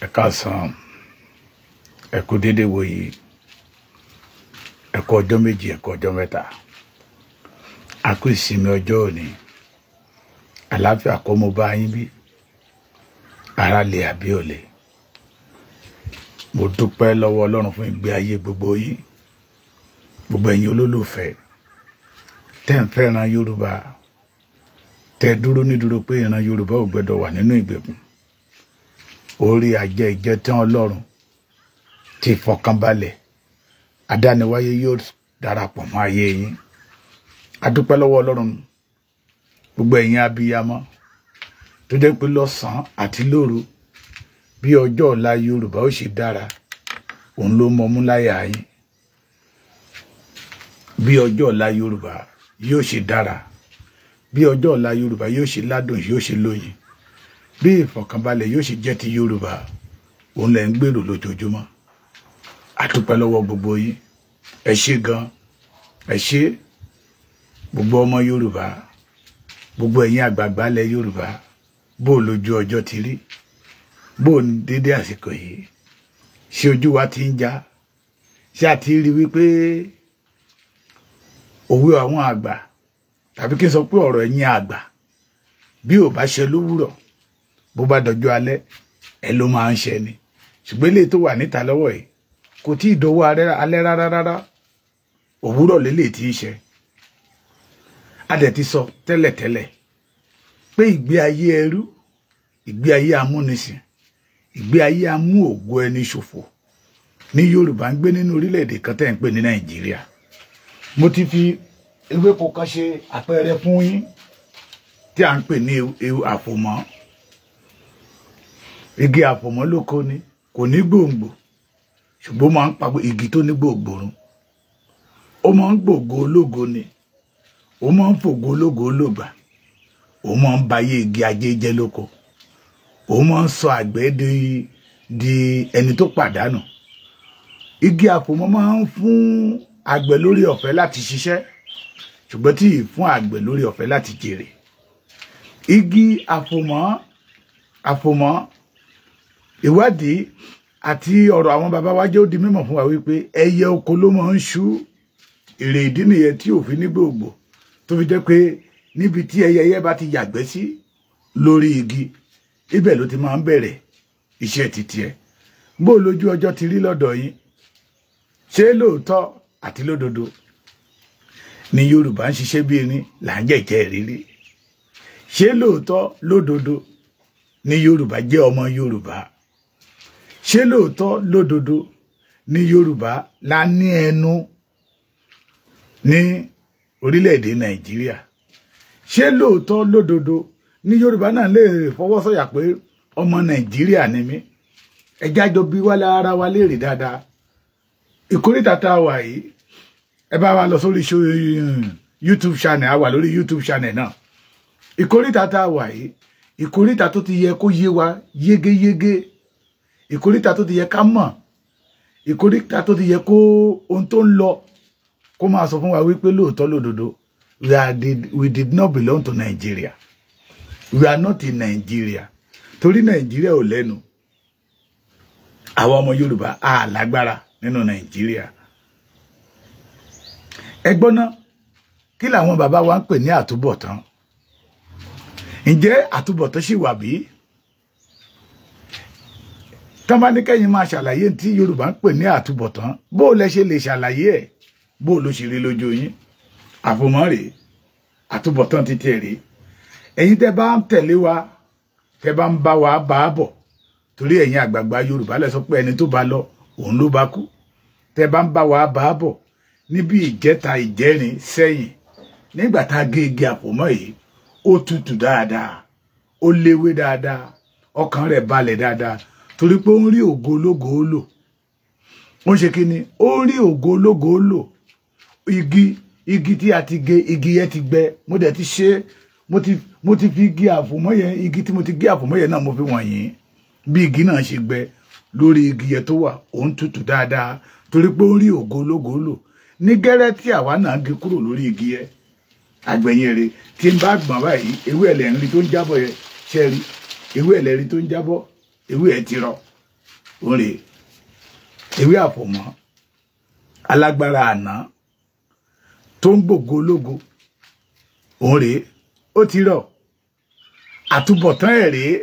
ẹ káàsán ẹ kú dédé wòyí ẹ kú ọjọ́ méjì ẹ kú ọjọ́ mẹ́ta a kú ìsinmi ọjọ́ òní àlàáfíà kọ́ mo bá yín bí ara lè àbí òlè mo dúpẹ́ lọ́wọ́ ọlọ́run fún ìgbé ayé gbogbo yín gbogbo ẹ̀yin olólùfẹ́ tẹ́ ń fẹ́ràn yorùbá tẹ́ dúró nídúró pé ìran yorùbá ò gbẹ́dọ̀ wà nínú ìgbèkùn orí àjẹ ìjẹtán ọlọ́run ti ìfọkànbalẹ̀ àdániwáyé yóò darapọ̀ mọ́ ayé yín adúpẹ́ lọ́wọ́ ọlọ́run gbogbo ẹ̀yin abiyamọ tó jẹ́ pé lọ́sàn-án àti lóru bí ọjọ́ ọ̀la yorùbá ó ṣe dára òun ló mọ láyà yín bí ọjọ́ ọ̀la yorùbá yóò ṣe dára bí ọjọ́ ọ̀la yorùbá yóò ṣe ládùn yóò ṣe lóyin bí ìfọ̀kànbalẹ̀ yóò ṣe jẹ́ ti Yorùbá òun lẹ ń gbèrò lójoojúmọ́ a dúpẹ́ lọ́wọ́ gbogbo yín ẹ ṣé gan ẹ ṣé gbogbo ọmọ Yorùbá gbogbo ẹ̀yin àgbààgbà lẹ Yorùbá bó o lójú ọjọ́ ti rí bó o dédé àsìkò yìí ṣé ojú wa ti ń já ṣé a rí wípé òwe àwọn àgbà tàbí kí n sọ pé ọ̀rọ̀ ẹ̀yin àgbà bí ò bá ṣe lówùrọ̀ bó bá dọjọ́ alẹ́ ẹ ló máa ń ṣe ni ṣùgbọ́n eléyìí tó wà níta lọ́wọ́ yìí kò tí ì dọwọ́ alẹ́ rárá rárá òwúrọ̀ lélẹ̀ tí í ṣe adẹ̀ ti sọ tẹ́lẹ̀tẹ́lẹ̀ pé ìgbé ayé ẹrú ìgbé ayé amúnisìn ìgbé ayé amú ògo ẹni ṣòfò ní Yorùbá ń gbé nínú orílẹ̀-èdè kan tẹ́ ń pè ní Nàìjíríà mo ti fi ewéko kan ṣe àpẹẹrẹ fún yín tí à ń pè ní àfòmọ́ igi àpọ̀mọ́ lóko ni kò ní gbòǹgbò ṣùgbọ́n máa ń pa igi tó ní gbòǹgbòrún ó máa ń gbògo ológo ni ó máa ń fògo ológo ológbà ó máa ń bayé igi ajé jẹ́ lóko ó máa ń sọ àgbẹ̀ di ẹni tó pàdánù igi àpòmọ́ máa ń fún àgbẹ̀ lórí ọ̀fẹ́ láti ṣiṣẹ́ ṣùgbọ́n tí fún àgbẹ̀ lórí ọ̀fẹ́ láti jèrè igi àpòmọ́ àpòmọ́ ìwádìí àti ọ̀rọ̀ àwọn bàbá wa jẹ́ ó di mímọ̀ fún wa wípé ẹyẹ oko ló máa ń ṣú èrè ìdí nìyẹn tí òfin nígbògbò tó fi jẹ́ pé níbi tí ẹyẹyẹ bá ti yàgbẹ́ sí lórí igi ibẹ̀ ló ti máa ń bẹ̀rẹ̀ iṣẹ́ títí ẹ̀ bó lójú ọjọ́ ti rí lọ́dọ̀ yín ṣé lóòótọ́ àti lódodo ni Yorùbá ń ṣiṣẹ́ bí erin là ń jẹ̀jẹ̀ rírí ṣé lóòótọ́ lódodo ni Yorùbá jẹ́ ọmọ Yorùbá ṣé lóòótọ́ lódodo ní Yorùbá la ní ẹnu ní orílẹ̀-èdè Nàìjíríà ṣé lóòótọ́ lódodo ní Yorùbá náà lè fọwọ́ sọ̀yà pé ọmọ Nàìjíríà ni mí ẹjá jọ bí wálé ara wa léèrè dáadáa ìkórìtà tá a wà yìí ẹ bá wa lọ sórí eh, YouTube channel a wà lórí YouTube channel náà ìkórìtà tá a wà yìí ìkórìtà tó ti yẹ kó yé wa yégéyégé ìkóríta tó ti yẹ ká mọ̀ ìkóríta tó ti yẹ kó ohun tó ń lọ kó máa sọ fún wa wípé lóòótọ́ lódodo we did we did not belong to Nigeria we are not in Nigeria torí Nigeria ò lẹ́nu àwa ọmọ Yorùbá a lágbára nínú Nigeria ẹgbọ́n náà kí làwọn bàbá wa ń pè ní àtúbọ̀tán ǹjẹ́ àtúbọ̀tán ṣì wà bíi tán bá ní kẹ́yìn máa ṣàlàyé tí Yorùbá ń pè ní àtúbọ̀tán bó lẹ ṣe lè ṣàlàyé ẹ̀ bó ló ṣe rí lójú yín àfòmọ́ rèé àtúbọ̀tán ti tiẹ̀ rèé ẹ̀yin tẹ́ bá ń tẹ̀lé wa tẹ́ bá ń bá wa bá a bọ̀ torí ẹ̀yin àgbààgbà Yorùbá lẹ sọ pé ẹni tó bá lọ òun ló bá kú tẹ́ bá ń bá wa bá a bọ̀ níbi ìjẹta ìjẹrin sẹ́yìn nígbà tá a gé igi àfòmọ́ yìí ó tutù dáadáa ó léwé dáadáa ọkàn rẹ̀ balẹ̀ dáadáa torí pé ó ń rí ògo ológo lò ó ń ṣe kí ni ó ń rí ògo ológo lò igi igi tí a ti gé igi yẹn ti gbẹ mo dẹ̀ ti ṣe mo ti mo ti fi gé àfòmọ́ yẹn igi tí mo ti gé àfòmọ́ yẹn náà mo fi wọ̀nyí bí igi náà ṣe gbẹ lórí igi yẹn tó wà ó ń tutù dáadáa torí pé ó ń rí ògo ológo lò ní gẹ́rẹ́ tí àwa náà gé kúrò lórí igi yẹn àgbẹ̀yìn rẹ̀ tí n bá gbọ̀n báyìí ewé ẹ̀lẹ́rìn tó ń jábọ̀ yẹn ṣẹ́ẹ̀rí ewé ẹ̀lẹ́rìn tó ń jábọ̀ ewé ẹ̀tìrọ̀ òrè ewé àfọ̀mọ́ alágbára àná tó ń gbògo ológo òrè ó ti rọ̀ àtúbọ̀tán ẹ̀ rèé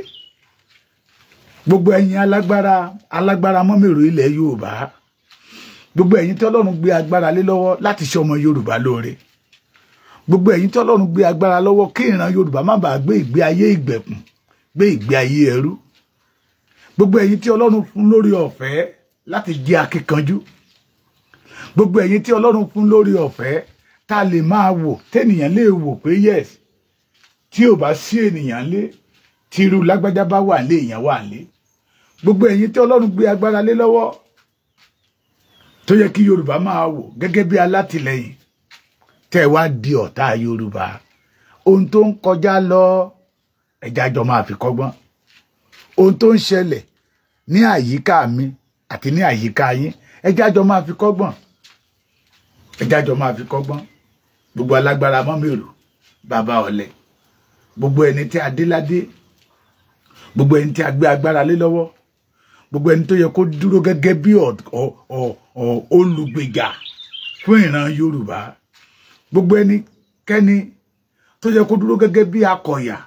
gbogbo ẹ̀yin alágbára alágbára mọ́mẹ́rò ilẹ̀ Yorùbá gbogbo ẹ̀yin tí Ọlọ́run gbé agbára lé lọ́wọ́ láti ṣe ọmọ Yorùbá lóore gbogbo ẹ̀yin tí gbé agbára lọ́wọ́ kí ìran Yorùbá má bàa gbé ìgbé ayé ìgbèkùn gbé ìgbé ayé ẹrú gbogbo ẹ̀yin tí ọlọ́run fún lórí ọ̀fẹ́ láti jẹ́ akíkanjú gbogbo ẹ̀yin tí ọlọ́run fún lórí ọ̀fẹ́ tá lè máa wò tẹ́nìyàn lè wò pé yes tí ò bá sí ènìyàn lé tí irú lágbájá bá wà lé èèyàn wà lé gbogbo ẹ̀yin tí ọlọ́run gbé agbára lé lọ́wọ́ tó yẹ kí yorùbá máa wò gẹ́gẹ́ bí alátìlẹyìn tẹ́ wá di ọ̀tá yorùbá ohun tó ń kọjá lọ ẹ̀já jọ máa fi kọ́gbọ́n ohun tó ń ṣẹlẹ̀ ní àyíká mi àti ní àyíká yín ẹ jájọ máa fi kọ́gbọ́n ẹ jájọ máa fi kọ́gbọ́n gbogbo alágbára mọ́ mi rò bàbá ọ̀lẹ gbogbo ẹni tí a dé ládé gbogbo ẹni tí a gbé agbára lé lọ́wọ́ gbogbo ẹni tó yẹ kó dúró gẹ́gẹ́ bí olùgbèjà fún ìran Yorùbá gbogbo ẹni kẹ́ni tó yẹ kó dúró gẹ́gẹ́ bí akọ̀yà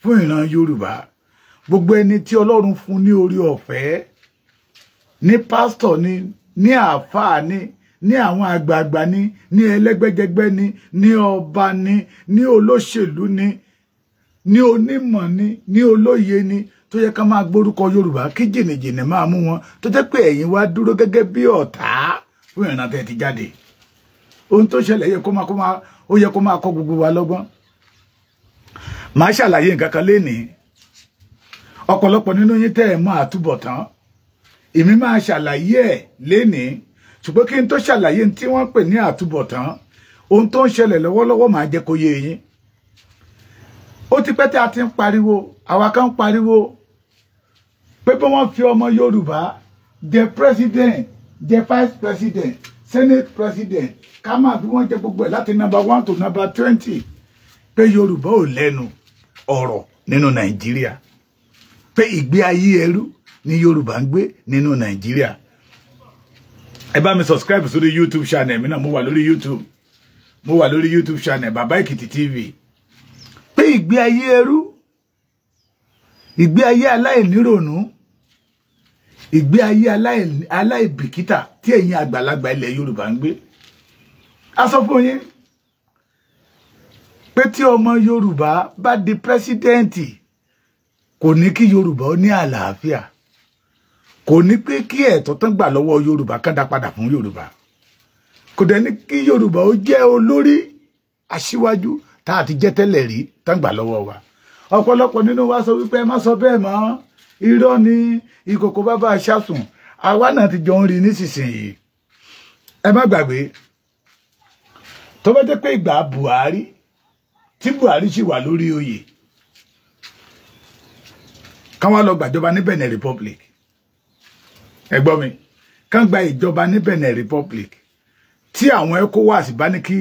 fún ìran Yorùbá gbogbo ẹni tí ọlọ́run fún ní orí ọ̀fẹ́ ní pásítọ̀ ni ní àáfàá ni ní àwọn àgbààgbà ni ní ẹlẹ́gbẹ́jẹgbẹ́ ni ní ọba ni ní olóṣèlú ni ní onímọ̀ ni ní olóye ni tó yẹ ká máa gbórúkọ yorùbá kí jìnnìjìnnì máa mú wọn tó jẹ́ pé ẹ̀yin wá dúró gẹ́gẹ́ bí ọ̀tá fún ìrìnà tẹ́ ti jáde ohun tó ṣẹlẹ̀ yẹ kó máa kó máa ó yẹ kó máa kọ́ gbogbo wa lọ́gbọ́n màá ṣàlàyé nǹkan kan lénìí ọ̀pọ̀lọpọ̀ nínú yín tẹ́ ẹ̀ mọ̀ àtúbọ̀tán èmi máa ṣàlàyé ẹ̀ lénìí ṣùgbọ́n kí n tó ṣàlàyé tí wọ́n pè ní àtúbọ̀tán ohun tó ń ṣẹlẹ̀ lọ́wọ́lọ́wọ́ máa jẹ́ kó yé yín ó ti pẹ́ tí a ti ń pariwo àwa kan ń pariwo pé bí wọ́n fi ọmọ Yorùbá jẹ president the vice president senate president ká máa fi wọ́n jẹ gbogbo ẹ̀ láti number one to number twenty pé Yorùbá ò lẹ́nu ọ̀rọ̀ nínú Nàìjíríà. No pé ìgbé ayé ẹrú ni Yorùbá ń gbé nínú Nàìjíríà ẹ bá mi subscribe sórí YouTube channel mi náà mo wà lórí YouTube mo wà lórí YouTube channel Bàbá Èkìtì TV pé ìgbé ayé ẹrú ìgbé ayé aláìníròònú ìgbé ayé aláìbìkítà tí ẹ̀yin àgbàlagbà ilẹ̀ Yorùbá ń gbé a sọ fún yín pé tí ọmọ Yorùbá bá di pírẹsidẹ́ǹtì kò ní kí yorùbá ó ní àlàáfíà kò ní pé kí ẹ̀tọ́ tán gbà lọ́wọ́ yorùbá kán dá padà fún yorùbá kò dẹ̀ ní kí yorùbá ó jẹ́ olórí aṣíwájú tá a jẹ́ tẹ́lẹ̀ rí tán gbà lọ́wọ́ wa ọ̀pọ̀lọpọ̀ nínú wa sọ wípé ẹ má sọ bẹ́ẹ̀ mọ́ irọ́ ni ìkòkò bàbá aṣáṣùn àwa náà ti jọ ń rí nísinsìnyí ẹ má gbàgbé tó bá jẹ́ pé ìgbà buhari tí buhari sì wà lórí oyè kán wá lọ gbàjọba ní Benin Republic ẹ gbọ́ mi kán gba ìjọba ní Benin Republic tí àwọn ECOWAS bá ní kí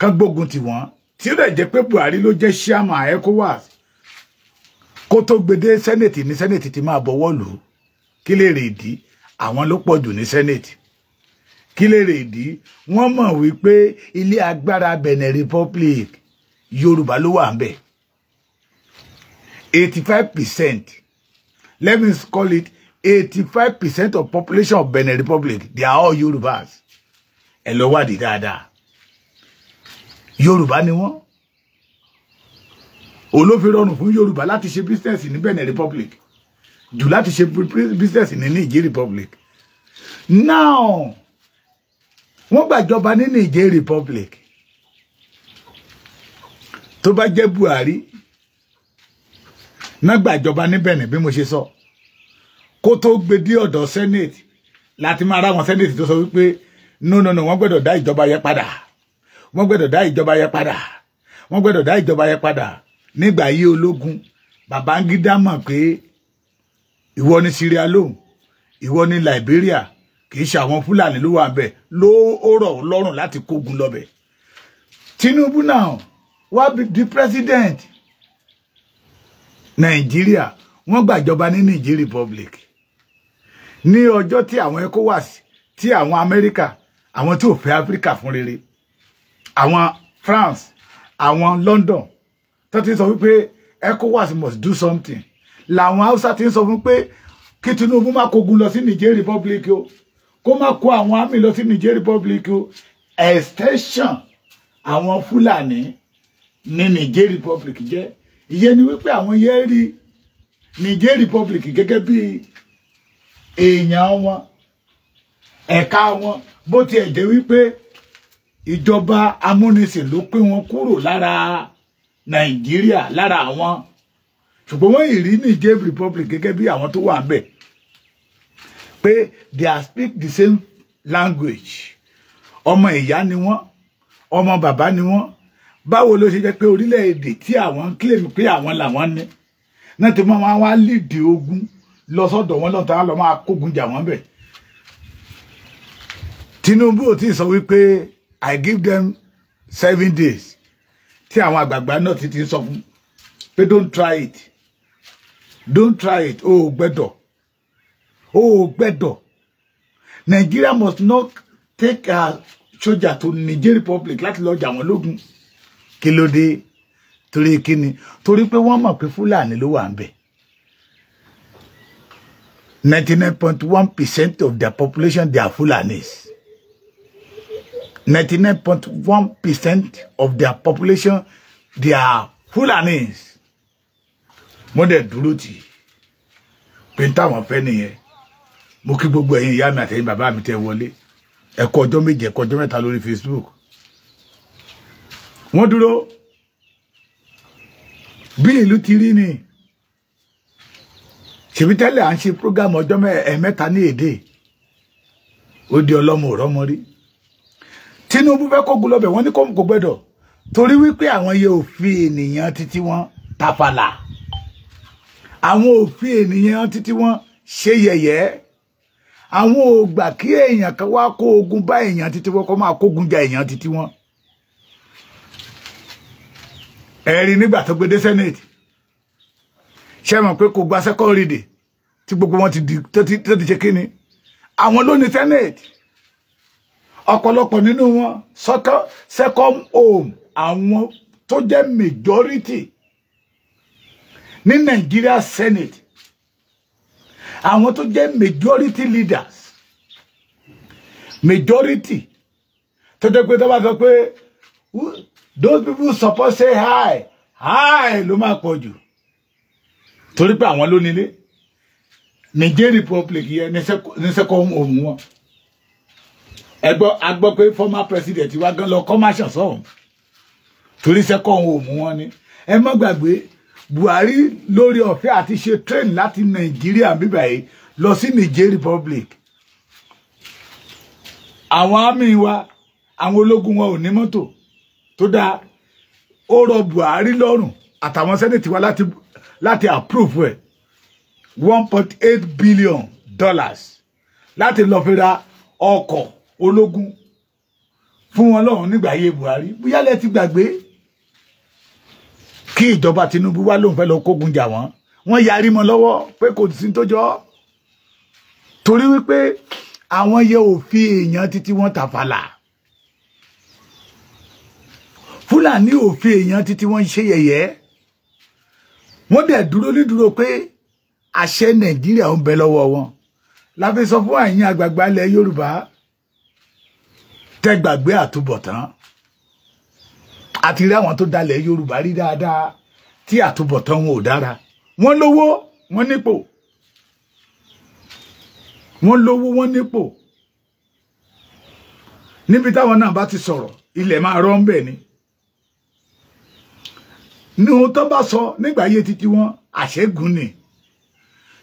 kán gbógun tì wọ́n tí ó dẹ̀ jẹ́ pé Buhari ló jẹ́ chairman ECOWAS kó tó gbede senate ní senate ti máa bọ̀wọ́ lù ú kí lè rè dí àwọn ló pọ̀ jù ní senate kí lè rè dí wọ́n mọ̀ wípé ilé Benin Republic Yorùbá ló wà ń 85%. Let me call it 85% of population of Benin Republic. They are all Yorubas. Ẹ lọ wádìí dáadáa. Yorùbá ni wọ́n. Olófin rọrùn fún Yorùbá láti ṣe business in Benin Republic. Jù láti ṣe business ní Niger Republic. Now, wọ́n gbàjọba ní Niger Republic. To bá jẹ́ Buhari, náà gbàjọba níbẹ̀ ni bí mo ṣe sọ kó tó gbé dé ọ̀dọ̀ senate láti máa ráwọn senate tó sọ wípé no no no wọ́n gbọ́dọ̀ dá ìjọba yẹn padà wọ́n gbọ́dọ̀ dá ìjọba yẹn padà wọ́n gbọ́dọ̀ dá ìjọba yẹn padà nígbà yí ológun Babangida mọ̀ pé ìwọ ni Sierra Leone ìwọ ni Liberia kì í ṣe àwọn Fúlàní ló wà bẹ̀ ló rọ̀ lọ́rùn láti kógun lọ́bẹ̀ Tinubu náà wá di president nàìjíríà wọ́n gbàjọba ní niger republic ní ọjọ́ tí àwọn ecowas tí àwọn amẹ́ríkà àwọn tí ò fẹ́ áfíríkà fún rere àwọn france àwọn london tó ti sọ wípé ecowas must do something làwọn hausa ti ń sọ fún pé kí tinubu má kógun lọ sí niger republic o kó má kó àwọn àmì lọ sí niger republic o extension àwọn fúlàní ní niger republic jẹ́ ìyẹn ni wípé àwọn yẹn rí Niger Republic gẹ́gẹ́ bí èèyàn wọn ẹ̀ka wọn bó tiẹ̀ jẹ́ wípé ìjọba amúnisìn ló pín wọn kúrò lára Nàìjíríà lára àwọn ṣùgbọ́n wọ́n ìrí Niger Republic gẹ́gẹ́ bí àwọn tó wà ń bẹ̀ pé they are speak the same language ọmọ ìyá ni wọ́n ọmọ bàbá ni wọ́n báwo ló ṣe jẹ́ pé orílẹ̀-èdè tí àwọn ń claim pé àwọn làwọn ní náà ti máa wá lídìí ogun lọ sọ́dọ̀ wọn lọ́tà lọ́ máa kógun jà wọ́n bẹ̀. Tinubu ò tí ì sọ wípé I give them seven days tí àwọn àgbààgbà náà ti ti sọ fún pé don't try it don't try it o ò gbẹ́dọ̀ o ò gbẹ́dọ̀ Nigeria must not take her soldier to Niger Republic láti lọ jà wọ́n lógun kí ló dé torí kí ni torí pé wọ́n mọ̀ pé fúlàní ló wà ń bẹ̀ ninety nine point one percent of their population they are fulanis ninety nine point one percent of their population they are fulanis mo dẹ̀ dúró tì pé táwọn fẹ́ nìyẹn mo kí gbogbo ẹ̀yin ìyá mi àtẹ̀yin bàbá mi tẹ́ wọlé ẹ ọjọ́ méje ẹ ọjọ́ mẹ́ta lórí Facebook wọ́n dúró bí ìlú ti rí ni ṣèbí tẹ́lẹ̀ à ń ṣe program ọjọ́ mẹ́ta ní èdè ó di ọlọ́mọ òrọ́mọ rí Tinubu fẹ́ kó gúlọ́bẹ wọ́n ní kó gbẹ́dọ̀ torí wípé àwọn yẹ òfin ènìyàn títí wọn tafàlà àwọn òfin ènìyàn títí wọn ṣe yẹ̀yẹ́ àwọn ò kí èèyàn kan wá kó ogun bá èèyàn títí wọn kó máa kógun ja èèyàn títí wọn ẹ̀rí nígbà tó gbé dé senate ṣe mọ̀ pé kò gba second reading tí gbogbo wọn ti di tó ti ṣe kíni àwọn ló ní senate ọ̀pọ̀lọpọ̀ nínú wọn second home àwọn tó jẹ́ majority ní Nigeria senate àwọn tó jẹ́ majority leaders majority tó jẹ́ pé tó bá sọ pé those people suppose say hi hi ló máa pọ̀ jù torí pé àwọn ló nílé Niger Republic yẹn ní sẹ́kọ̀ ohun wọn ẹgbọ́ agbọ́ pé former president wa gan lọ kọ́máṣà sọ̀hún torí sẹ́kọ̀ ohun wọn ni ẹ má gbàgbé Buhari lórí ọ̀fẹ́ àti ṣe train láti Nàìjíríà bíbáyé lọ sí Niger Republic àwọn àmì wa àwọn ológun wọn ò ní mọ́tò tó dáa ó rọ Buhari lọ́rùn àtàwọn sẹ́nẹ̀tì wa láti láti approve ẹ̀ one point eight billion dollars láti lọ fi ra ọkọ̀ ológun fún wọn lọ́rùn nígbà ayé Buhari bóyá lẹ ti gbàgbé kí ìjọba Tinubu wá lóun fẹ́ lọ kógun jà wọ́n wọ́n yarí mọ́ lọ́wọ́ pé kò sí tó jọ torí wípé àwọn yẹ òfin èèyàn títí wọ́n tàfàlà fúlàní òfin èèyàn títí wọ́n ń ṣe yẹ̀yẹ́ wọ́n dẹ̀ dúró nídúró pé àṣẹ nàìjíríà ń bẹ lọ́wọ́ wọn láfi sọ fún àyín àgbààgbà ilẹ̀ yorùbá tẹ́gbàgbé àtúbọ̀tán àti rí àwọn tó dalẹ̀ yorùbá rí dáadáa tí àtúbọ̀tán wọn ò dára wọ́n lówó wọ́n nípò wọ́n lówó wọ́n nípò níbi táwọn náà bá ti sọ̀rọ̀ ilẹ̀ máa rọ́ ń bẹ̀ ni ní ohun tó bá sọ nígbà ayé títí wọn àṣẹ́gun ni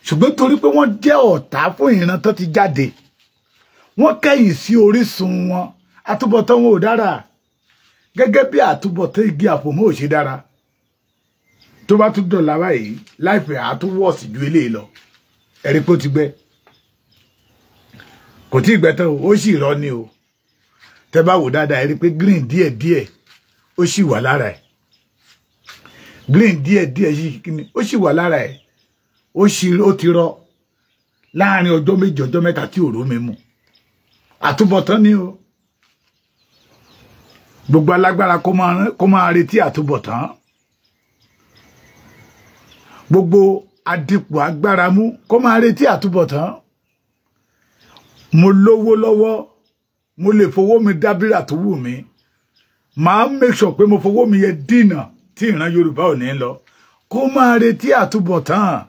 ṣùgbọ́n torí pé wọ́n jẹ́ ọ̀tá fún ìran tó ti jáde wọ́n kẹ́yìn sí orísun wọn àtúbọ̀tán wọn ò dára gẹ́gẹ́ bí àtúbọ̀tán igi àpòmọ́ ò ṣe dára tó bá tún dọ̀la báyìí láìpẹ́ àá tún wọ̀ sí ju eléyìí lọ ẹ̀rí pé ó ti gbẹ kò tí ì gbẹ tán o ó sì rọ ni o tẹ bá wò dáadáa ẹ̀rí pé green díẹ̀díẹ̀ ó sì wà lára ẹ̀ blame díẹ̀díẹ̀ yìí kíni ó sì wà lára ẹ̀ ó sì ó ti rọ láàrin ọjọ́ méjì ọjọ́ mẹ́ta tí òró mi mu àtúbọ̀tán ni o gbogbo alágbára kó máa retí àtúbọ̀tán gbogbo adipò agbára mú kó máa retí àtúbọ̀tán mo lówó lọ́wọ́ mo lè fowó mi dábìrà tó wù mí màá make pé mo fowó mi yẹ dínà tí ìran Yorùbá ò ní lọ kó máa retí àtúbọ̀tán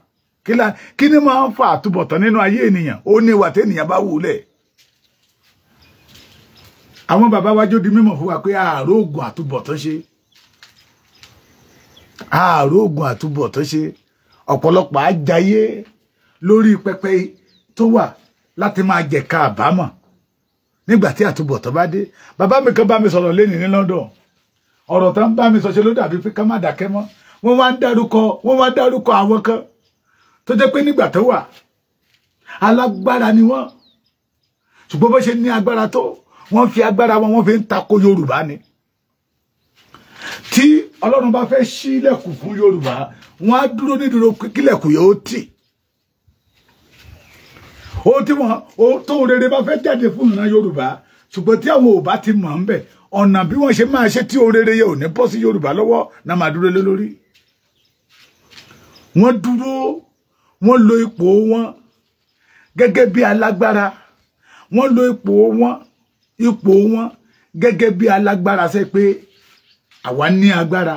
kí ni máa ń fa àtúbọ̀tán nínú ayé ènìyàn ó ní ìwà téèyàn bá wúlẹ̀ àwọn bàbá wa jó di mímọ̀ fún wa pé ààrò oògùn àtúbọ̀tán ṣe ààrò oògùn àtúbọ̀tán ṣe ọ̀pọ̀lọpọ̀ àjàyé lórí pẹpẹ tó wà láti máa jẹ̀ka àbámọ̀ nígbà tí àtúbọ̀tán bá dé bàbá mi kan bá mi sọ̀rọ̀ lénìí ní London ọ̀rọ̀ tán bá mi sọ ṣe ló dàbí pé ká má dákẹ́ mọ́ wọ́n wá ń dárúkọ wọ́n wá ń dárúkọ àwọn kan tó jẹ́ pé nígbà tó wà alágbára ni wọ́n ṣùgbọ́n bó ṣe ní agbára tó wọ́n fi agbára wọn wọ́n fi ń tako Yorùbá ni tí Ọlọ́run bá fẹ́ ṣí ilẹ̀kùn fún Yorùbá wọ́n á dúró nídúró kílẹ̀kùn yóò tì ó tí wọ́n tó rere bá fẹ́ jáde fún ìran Yorùbá ṣùgbọ́n tí àwọn ò bá ti mọ̀ ń bẹ̀ ọ̀nà bí wọ́n ṣe máa ṣe tí ohun rere yẹ ò ní bọ́ sí Yorùbá lọ́wọ́ náà máa dúró lé lórí wọ́n dúró wọ́n lo ipò wọn gẹ́gẹ́ bí alágbára wọ́n lo ipò wọn ipò wọn gẹ́gẹ́ bí alágbára ṣe pé àwa ní agbára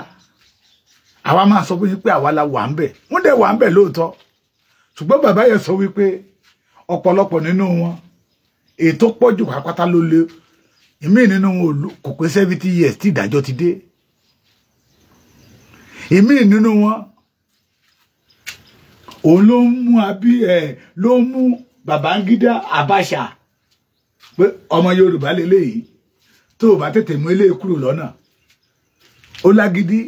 àwa máa sọ fún àwa la wà ń bẹ̀ wọ́n dẹ̀ wà ń bẹ̀ lóòótọ́ ṣùgbọ́n bàbá yẹn sọ wípé ọ̀pọ̀lọpọ̀ nínú wọn ètò pọ̀jù pátá ló lé èmi nínú wọn kò pé seventy years tí ìdájọ́ ti dé èmi nínú wọn òun ló mú abí ẹ ló mú Babangida abasha. pé ọmọ Yorùbá lélẹyìí tó o bá tètè mú eléyìí kúrò lọ́nà ó lágídí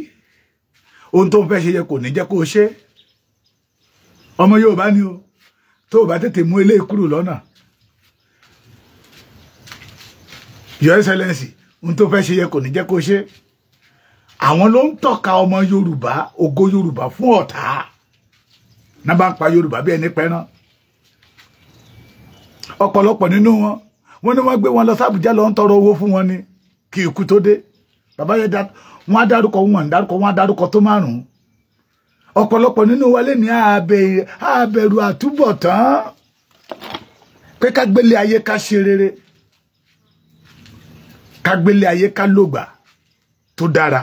ohun tó ń fẹ́ ṣe yẹ kò ní jẹ́ kó o ṣe ọmọ Yorùbá ni o tó o bá tètè mú eléyìí kúrò lọ́nà. your excellency ohun tó fẹ́ ṣe yẹ kò ní jẹ́ kó ṣe àwọn ló ń tọ́ka ọmọ yorùbá ògo yorùbá fún ọ̀tá náà bá ń pa yorùbá bí ẹni pẹ́ràn ọ̀pọ̀lọpọ̀ nínú wọn wọ́n ní wọ́n gbé wọn lọ sábùjá lọ ń tọrọ owó fún wọn ni kí ikú tó dé bàbá yẹn wọ́n á dárúkọ wọn dárúkọ wọn á dárúkọ tó márùn ọ̀pọ̀lọpọ̀ nínú wa lè ní àbẹ̀rù àtúbọ̀tán pé ká gbélé ayé ká ṣe rere kágbélé ayé ká lògbà tó dára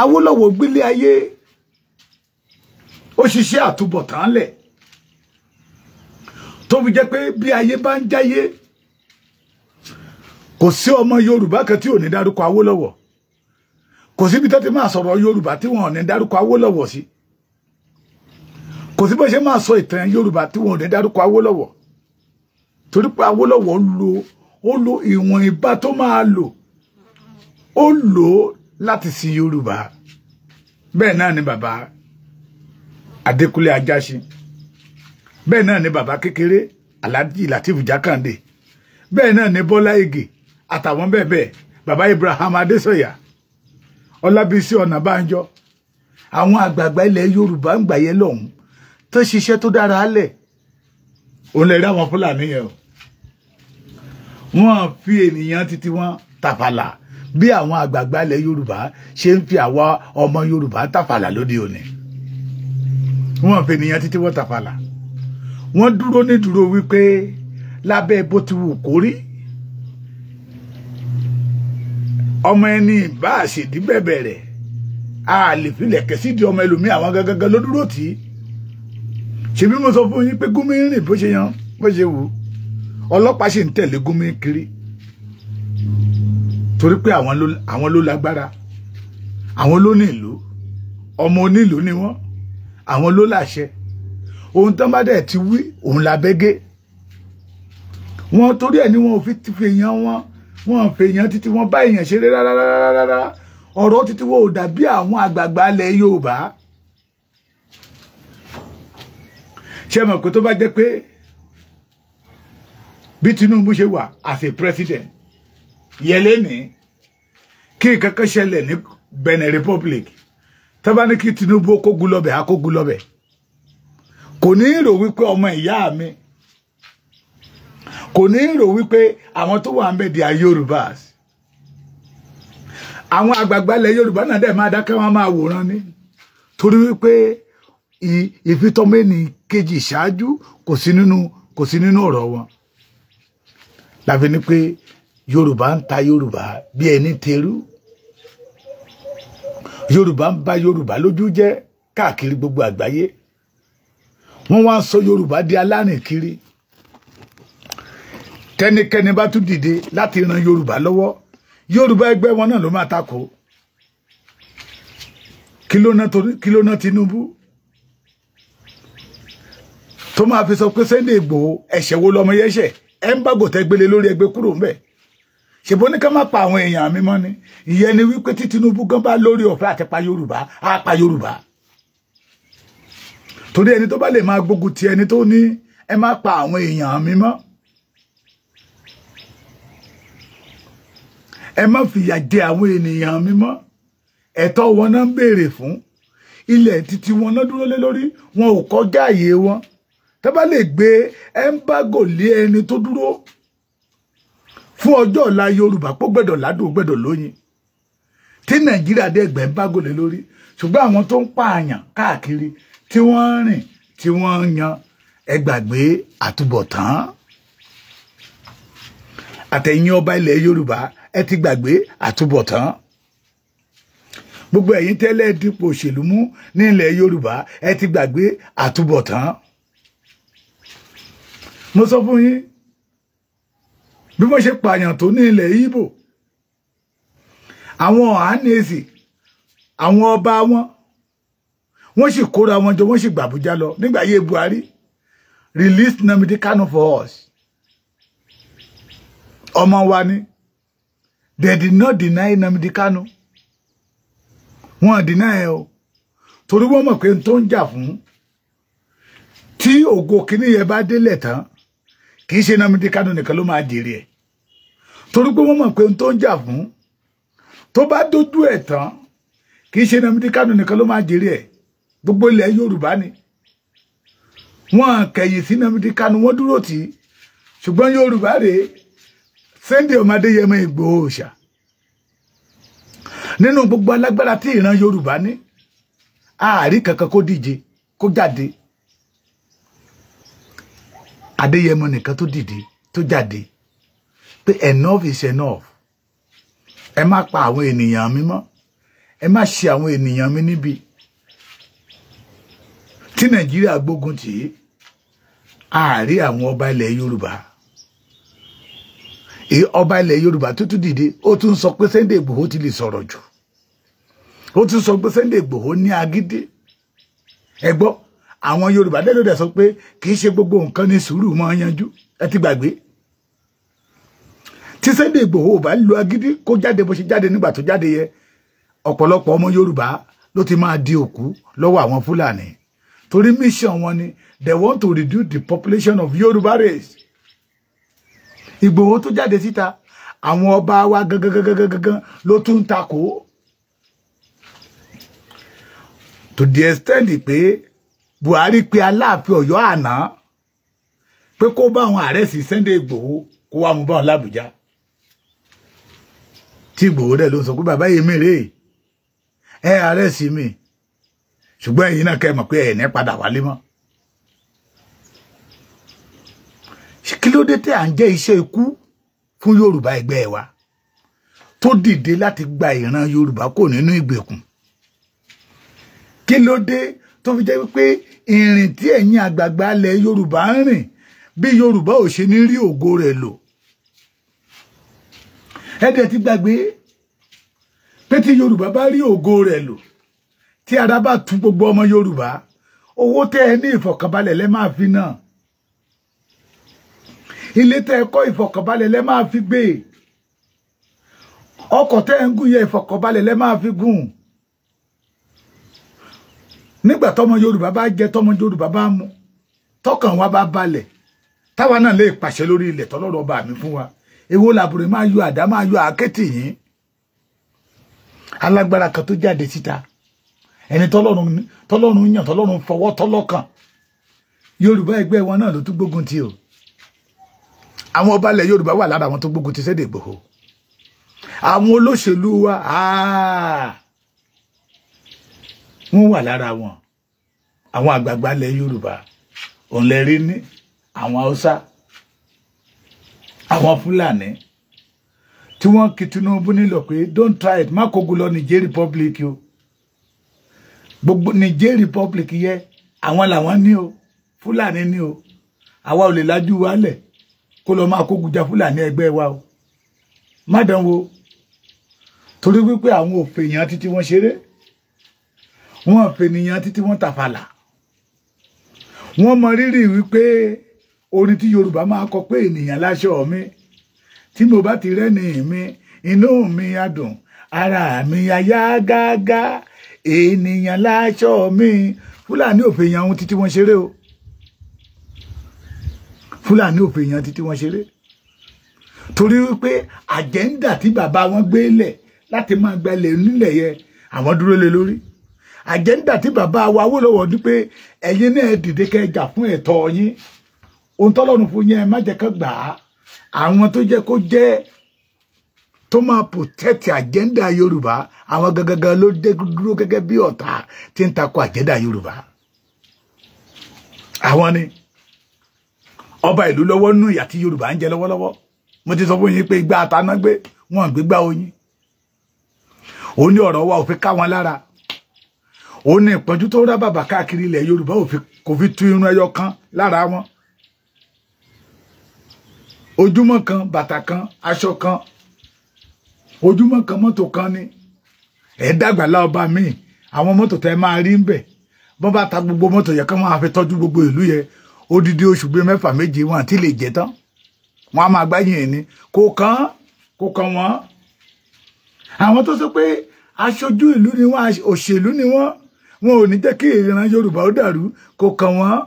Awólọ́wọ̀ gbélé ayé ó ṣiṣẹ́ àtúbọ̀tán lẹ̀ tó fi jẹ́ pé bí ayé bá ń jáyé kò sí ọmọ Yorùbá kan tí ò ní dárúkọ Awólọ́wọ̀ kò síbi tó ti máa sọ̀rọ̀ Yorùbá tí wọn ò ní dárúkọ Awólọ́wọ̀ sí kò sí ṣe máa sọ ìtàn Yorùbá tí wọn ní dárúkọ Awólọ́wọ̀ torí pé Awólọ́wọ̀ lo ó lo ìwọ̀n ìbá tó máa lò ó lò ó láti sin yorùbá bẹ́ẹ̀ náà ni bàbá adékúnlé ajáṣin bẹ́ẹ̀ náà ni bàbá kékeré alhaji latif jákàndé bẹ́ẹ̀ náà ni bọ́lá ige àtàwọn bẹ́ẹ̀ bẹ́ẹ̀ bàbá ibrahim adésọ̀yà ọlábísí ọ̀nàbánjọ àwọn àgbààgbà ilẹ̀ yorùbá ń gbà yẹn lọ́hùn tó ṣiṣẹ́ tó dára lẹ̀ òun lè rí àwọn fúlàní yẹn o wọ́n fi ènìyàn títí wọn tàfàlà bí àwọn àgbààgbà ilẹ̀ yorùbá ṣe ń fi àwa ọmọ yorùbá tàfàlà lóde òní wọ́n fi ènìyàn títí wọn tàfàlà wọ́n dúró nídúró wípé lábẹ́ bó ti wù kó rí ọmọ ẹni bá a ṣèdí bẹ̀bẹ̀ rẹ̀ a lè filẹ̀ kẹ́sídìí ọmọ ẹlòmíì àwọn gangan ló tì í ṣèbí mo sọ fún yín pé gómìnà bó ṣe yan bó ṣe wù ú ọlọ́pàá sì ń tẹ̀lé Gumi kiri torí pé àwọn ló lágbára àwọn ló ní ìlú ọmọ onílù ni wọ́n àwọn ló láṣẹ ohun tán bá dẹ̀ ti wí òun làbẹ́gẹ́ wọn torí ẹ̀ ni wọn ò fi ti fi èèyàn wọn wọn fi èèyàn títí wọn bá èèyàn ṣeré rárá ọ̀rọ̀ títí wọn ò dàbí àwọn àgbààgbà ilẹ̀ Yorùbá ṣé mọ̀ pé tó bá jẹ́ pé bí Tinubu ṣe wà as a president yẹlé ni kí nǹkan kan ṣẹlẹ̀ ní Benin Republic tó bá kí Tinubu kógun lọ́bẹ̀ akógun lọ́bẹ̀ kò ní rò wípé ọmọ ìyá mi kò ní rò wípé àwọn tó wà ń bẹ̀ di Yorùbás àwọn àgbààgbà ilẹ̀ Yorùbá náà dẹ̀ máa dákẹ́ wọn máa wòran ni torí wípé ìfitọ́mẹ́ni kejì ṣáájú kò sí nínú ọ̀rọ̀ wọn láfi ní pé yorùbá ń ta yorùbá bí ẹni terú yorùbá ń bà yorùbá lójú jẹ́ káàkiri gbogbo àgbáyé wọ́n wá ń sọ yorùbá di alárìn kiri tẹnikẹ́ni bá tún dìde láti ran yorùbá lọ́wọ́ yorùbá ẹgbẹ́ wọn náà ló máa takò kí ló ná tinubu tó máa fi sọ pé Sunday Igboho ẹ̀ṣẹ̀ wo lọmọ yẹn ẹmbàgò tẹgbélé lórí ẹgbẹ kúrò ńbẹ ṣèbó ní ká má pa àwọn èèyàn mi mọ́ ni ìyẹn ni wípé tí gan bá lórí ọ̀fẹ́ àti pa Yorùbá á pa Yorùbá torí ẹni tó bá lè máa gbógun ti ẹni tó ní ẹ má pa àwọn èèyàn mi mọ́ ẹ má fìyà jẹ àwọn ènìyàn mi mọ́ ẹ̀tọ́ wọn náà ń béèrè fún ilẹ̀ títí wọn náà dúró lé lórí wọn ò kọjá àyè wọn tẹ́ bá lè gbé ẹ́ńbágò lé ẹni tó dúró fún ọjọ́ ọ̀la yorùbá pọ̀ gbẹ̀dọ̀ ládùn gbẹ̀dọ̀ lóyin tí nàìjíríà dé ẹgbẹ́ ẹ́ńbágò lé lórí ṣùgbọ́n àwọn tó ń pààyàn káàkiri tí wọ́n ń rìn tí wọ́n ń yan ẹ gbàgbé àtúbọ̀tán àtẹ̀yìn ọba ilẹ̀ yorùbá ẹ ti gbàgbé àtúbọ̀tán gbogbo ẹ̀yin tẹ́lẹ̀ dípò òṣèlú mú ní ilẹ̀ yorùbá ẹ ti gbàgbé àtúbọ̀tán mo sọ fún yín bí wọ́n ṣe pààyàn tó ní ilẹ̀ Ìgbò àwọn ọ̀hánẹ́sì àwọn ọba wọn wọ́n sì kóra wọn jọ wọ́n sì gbàbújá lọ nígbà yé Buhari release Nnamdi Kanu for us ọmọ wa ni they did not deny Nnamdi Kanu wọn deny ẹ o torí wọ́n mọ̀ pé n tó ń jà fún tí ògo kìíní bá délẹ̀ tán kì í ṣe Nnamdi Kanu nìkan ló máa jèrè ẹ̀ torí pé wọ́n mọ̀ pé ohun tó ń jà fún tó bá dójú ẹ̀ tán kì í ṣe Nnamdi Kanu nìkan ló máa jèrè ẹ̀ gbogbo ilẹ̀ Yorùbá ni wọ́n kẹ̀yìn sí Nnamdi Kanu wọ́n dúró tì í ṣùgbọ́n Yorùbá rèé Sunday ọmọdé yẹmọ Ìgbòho òòṣà nínú gbogbo alágbára tí ìran Yorùbá ní ààrí kankan kó díje kó jáde adéyẹmọ nìkan tó dìde tó jáde pé enough is enough ẹ má pa àwọn ènìyàn mi mọ́ ẹ má ṣe àwọn ènìyàn mi níbi tí nàìjíríà gbógun tì í ààrí àwọn ọba ilẹ̀ yorùbá ọba ilẹ̀ yorùbá tó tún dìde ó tún sọ pé Sunday Igboho ti lè sọ̀rọ̀ jù ó tún sọ pé Sunday Igboho ní agídé ẹ gbọ́ àwọn yorùbá dẹ́lò dẹ̀ sọ pé kì í ṣe gbogbo nǹkan ní sùúrù mọ́ yanjú ẹ ti gbàgbé tí Sunday Igboho ò bá lu agídí kó jáde bó ṣe jáde nígbà tó jáde yẹ ọ̀pọ̀lọpọ̀ ọmọ yorùbá ló ti máa di òkú lọ́wọ́ àwọn fúlàní torí mission wọn ni they want to reduce the population of yorùbá race Igboho tó jáde síta àwọn ọba wa gangan ló tún ń takò to the extent pé buhari pe aláàfin ọ̀yọ́ àná pé kó bá àwọn ààrẹ sí Sunday Igboho kó wá mú bá wọn lábújá tí Igboho dẹ̀ ló sọ pé bàbá yìí mèrè ẹ ààrẹ sí mi ṣùgbọ́n ẹ̀yin náà kẹ́ mọ̀ pé ẹ̀ ní padà wálé mọ́ kí ló dé tẹ́ à ń jẹ́ iṣẹ́ ikú fún Yorùbá ẹgbẹ́ wa tó dìde láti gba ìran Yorùbá kò nínú ìgbèkùn kí ló dé tó fi jẹ́ wípé ìrìn tí ẹ̀yin àgbààgbà ilẹ̀ yorùbá ń rìn bí yorùbá ò ṣe ní rí ògo rẹ̀ lò ẹ̀dẹ̀ ti gbàgbé pé tí yorùbá bá rí ògo rẹ̀ lò tí ara bá tún gbogbo ọmọ yorùbá owó tẹ́ ẹ ní ìfọ̀kànbalẹ̀ lẹ́ máa fi náà ilé tẹ́ ẹ kọ́ ìfọ̀kànbalẹ̀ lẹ́ máa fi gbé ọkọ̀ tẹ́ ẹ ń gùn yẹ ìfọ̀kànbalẹ̀ lẹ́ máa fi gùn nígbà tọmọ yorùbá bá jẹ tọmọ yorùbá bá mu tọkàn wa bá balẹ̀ táwa náà lè pàṣẹ lórí ilẹ̀ tọlọ́rọ̀ ọba mi fún wa èwo làbùrẹ máa yọ àdá máa yọ àkétì yìí alágbára kan tó jáde síta ẹni tọlọ́run tọlọ́run yàn tọlọ́run fọwọ́ tọlọ́kàn yorùbá ẹgbẹ́ wọn náà ló tún gbógun ti o àwọn ọba ilẹ̀ yorùbá wà lára àwọn tó gbógun ti sédè gbòho àwọn olóṣèlú wa aaa. Ah wọ́n wà lára wọn àwọn àgbààgbà ilẹ̀ yorùbá òun lè rí ní àwọn haúsá àwọn fúlàní tí wọ́n kì tinubu nílò pé don't try it má kógun lọ niger republic o gbogbo niger republic yẹ àwọn làwọn ní o fúlàní ní o àwa ò lè lajú wálẹ̀ kó lọ máa kógun ja fúlàní ẹgbẹ́ wa o má dánwò torí wípé àwọn òfin èèyàn títí wọ́n ṣeré wọ́n fènìyàn títí wọ́n tàfàlà wọ́n mọ rírì wípé orin tí yorùbá máa kọ pé ènìyàn láṣọ mi tí mo bá ti rẹ́ni mi inú mi á dùn ara mi á yá gágá ènìyàn láṣọ mi fúlàní ò fèèyàn ohun títí wọ́n ṣeré o fúlàní ò fèèyàn títí wọ́n ṣeré torí wípé àjẹ́ńdà tí bàbá wọn gbé lẹ̀ láti máa gbalẹ̀ nílẹ̀ yẹ àwọn dúró lé lórí agenda tí bàbá wa Awólọ́wọ̀ ní pé ẹ̀yin náà dìde kẹjà fún ẹ̀tọ́ yín ohun tọ́lọ́run fún yẹn má jẹ́ kán gbà á àwọn tó jẹ́ kó jẹ́ tó máa protect àjẹ́ńdà Yorùbá àwọn gangan ló dúró gẹ́gẹ́ bí ọ̀tá tí ń takò àjẹ́ńdà Yorùbá àwọn ni ọba ìlú lọ́wọ́ nù ìyà tí Yorùbá ń jẹ lọ́wọ́lọ́wọ́ mo ti sọ fún yín pé igbá ataná gbé wọn gbégbá oyin òun ní ọ̀rọ̀ wa ò fi ká wọn lára òun ni ìpọ́njú tó rá bàbà káàkiri ilẹ̀ yorùbá kò fi tu irun ẹyọ kan lára wọn ojúmọ́ kan bàtà kan aṣọ kan ojúmọ́ kan mọ́tò kan ni ẹ̀ dàgbà láọba míì àwọn mọ́tò tẹ́ máa rí ń bẹ̀ bọ́n bá ta gbogbo mọ́tò yẹ kán máa fi tọ́jú gbogbo ìlú yẹ odidi oṣù bíi mẹ́fà méje wọn àti lè jẹ tán wọn a máa gbáyìn ẹ̀ ní kò kàn kò kàn wọ́n àwọn tó sọ pé aṣojú ìlú ni wọ́n òṣèlú ni wọ́n wọn ò ní jẹ́ kí ìran yorùbá ó dàrú kò kàn wọ́n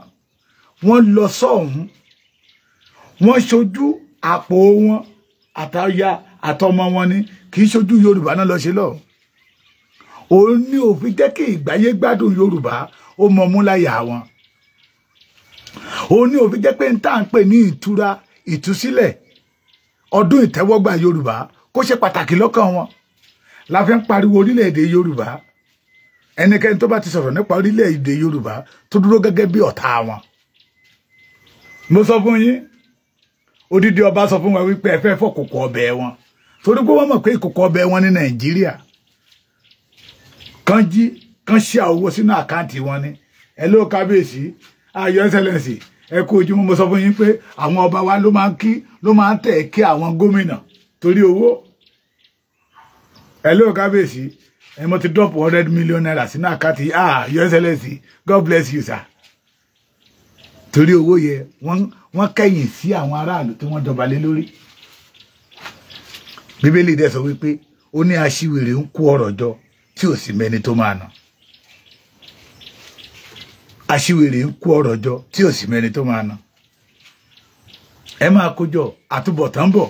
wọ́n lọ sọ́ọ̀hún wọ́n ṣojú àpò wọn àtàyà àtọmọ wọn ni kì í ṣojú yorùbá náà lọ ṣe lọ òun ni òfin jẹ́ kí ìgbáyé gbádùn yorùbá ó mọ mú láyà wọn òun ni òfin jẹ́ pé ń tà ń pè ní ìtura ìtúsílẹ̀ ọdún ìtẹ́wọ́gbà yorùbá kó ṣe pàtàkì lọ́kàn wọn la fi ń pariwo orílẹ̀-èdè yorùbá ẹnikẹ́ni tó bá ti sọ̀rọ̀ nípa orílẹ̀ èdè yorùbá tó dúró gẹ́gẹ́ bí ọ̀tá wọn mo sọ fún yín odidi ọba sọ fún wa wípé ẹ fẹ́ fọ́ kòkò ọbẹ̀ wọn torí pé wọ́n mọ̀ pé ìkòkò ọbẹ̀ wọn ní nàìjíríà kan jí kan ṣe àwòwò sínú àkáǹtì wọn ni ẹ ló kábíyèsí ayọ ẹsẹlẹsì ẹ kú ojúmọ́ mo sọ fún yín pé àwọn ọba wa ló máa ń kí ló máa ń tẹ̀ kí àwọn gómìnà torí owó ẹ ló kábíyèsí ẹ mo ti drop one hundred million naira sínú àkáǹtì ah your excellency god bless you sir torí owó yẹ wọ́n kẹ̀yìn sí àwọn aráàlú tí wọ́n jọba lé lórí bíbélì dẹ̀ sọ wípé ó ní aṣiwèrè ń kó ọrọ̀ jọ tí ò sì mẹ́ni tó máa nà aṣiwèrè ń kó ọrọ̀ jọ tí ò sì mẹ́ni tó máa nà ẹ máa kójọ àtúbọ̀tán bọ̀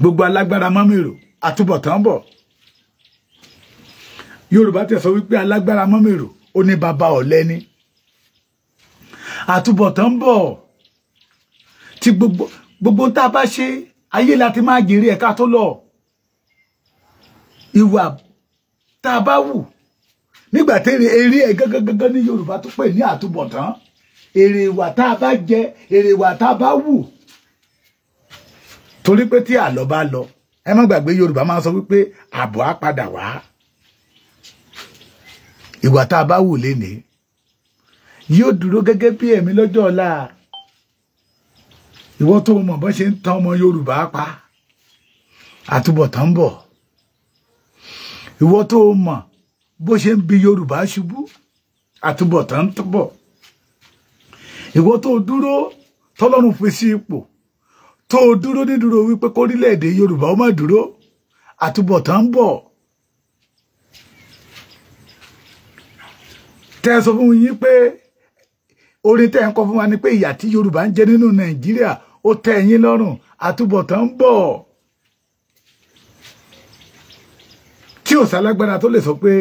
gbogbo alágbára mọ́mìrò àtúbọ̀tán bọ̀ yorùbá tẹ̀ sọ wípé alágbára mọ́mèrò ó ní bàbá ọ̀lẹ ni àtúbọ̀tán bọ̀ tí gbogbo gbogbo tá a bá ṣe ayé láti máa jèrè ẹ̀ka tó lọ ìwà tá a bá wù nígbà tẹ́rẹ̀ eré ẹ̀ gángan ní yorùbá tó pè ní àtúbọ̀tán èrè ìwà tá a bá jẹ èrè ìwà tá a bá wù torí pé tí àlọ́ bá lọ ẹ má gbàgbé yorùbá máa sọ wípé àbọ̀ á padà wá ìwà tá a bá wù lénìí yóò dúró gẹ́gẹ́ bí ẹ̀mí lọ́jọ́ ọ̀la ìwọ tó mọ̀ bó ṣe ń tan ọmọ Yorùbá pa àtúbọ̀tán bọ̀ ìwọ tó mọ̀ bó ṣe ń bi Yorùbá ṣubú àtúbọ̀tán bọ̀ ìwọ tó dúró tọ́lọ́run fi sí ipò tó dúró nídúró wípé kórílẹ̀-èdè Yorùbá ó má dúró àtúbọ̀tán bọ̀ tẹ́ sọ fún yín pé orin tẹ́ ń kọ fún wa ni pé ìyà tí Yorùbá ń jẹ nínú Nàìjíríà ó tẹ́ yín lọ́rùn àtúbọ̀tán ń bọ̀ tí ò sálágbára tó lè sọ pé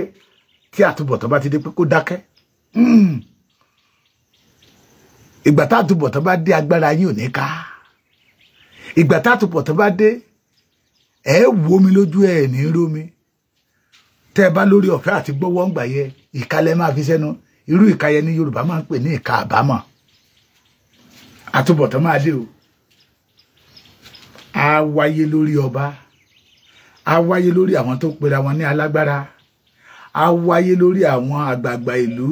tí àtúbọ̀tán bá ti dé pé kó dákẹ́ hmm. ìgbà tá bá dé agbára yín ò ní ká ìgbà tá bá dé ẹ wo mi lójú ẹ ní rómi tẹ́ ẹ bá lórí ọ̀fẹ́ àti gbówó ọ̀ngbà yẹ ìka lẹ máa fi sẹ́nu irú ìka yẹn ní Yorùbá máa ń pè ní ìka àbámọ̀ àtúbọ̀tán máa dé o a wáyé lórí ọba a wáyé lórí àwọn tó pera wọn ní alágbára a wáyé lórí àwọn àgbààgbà ìlú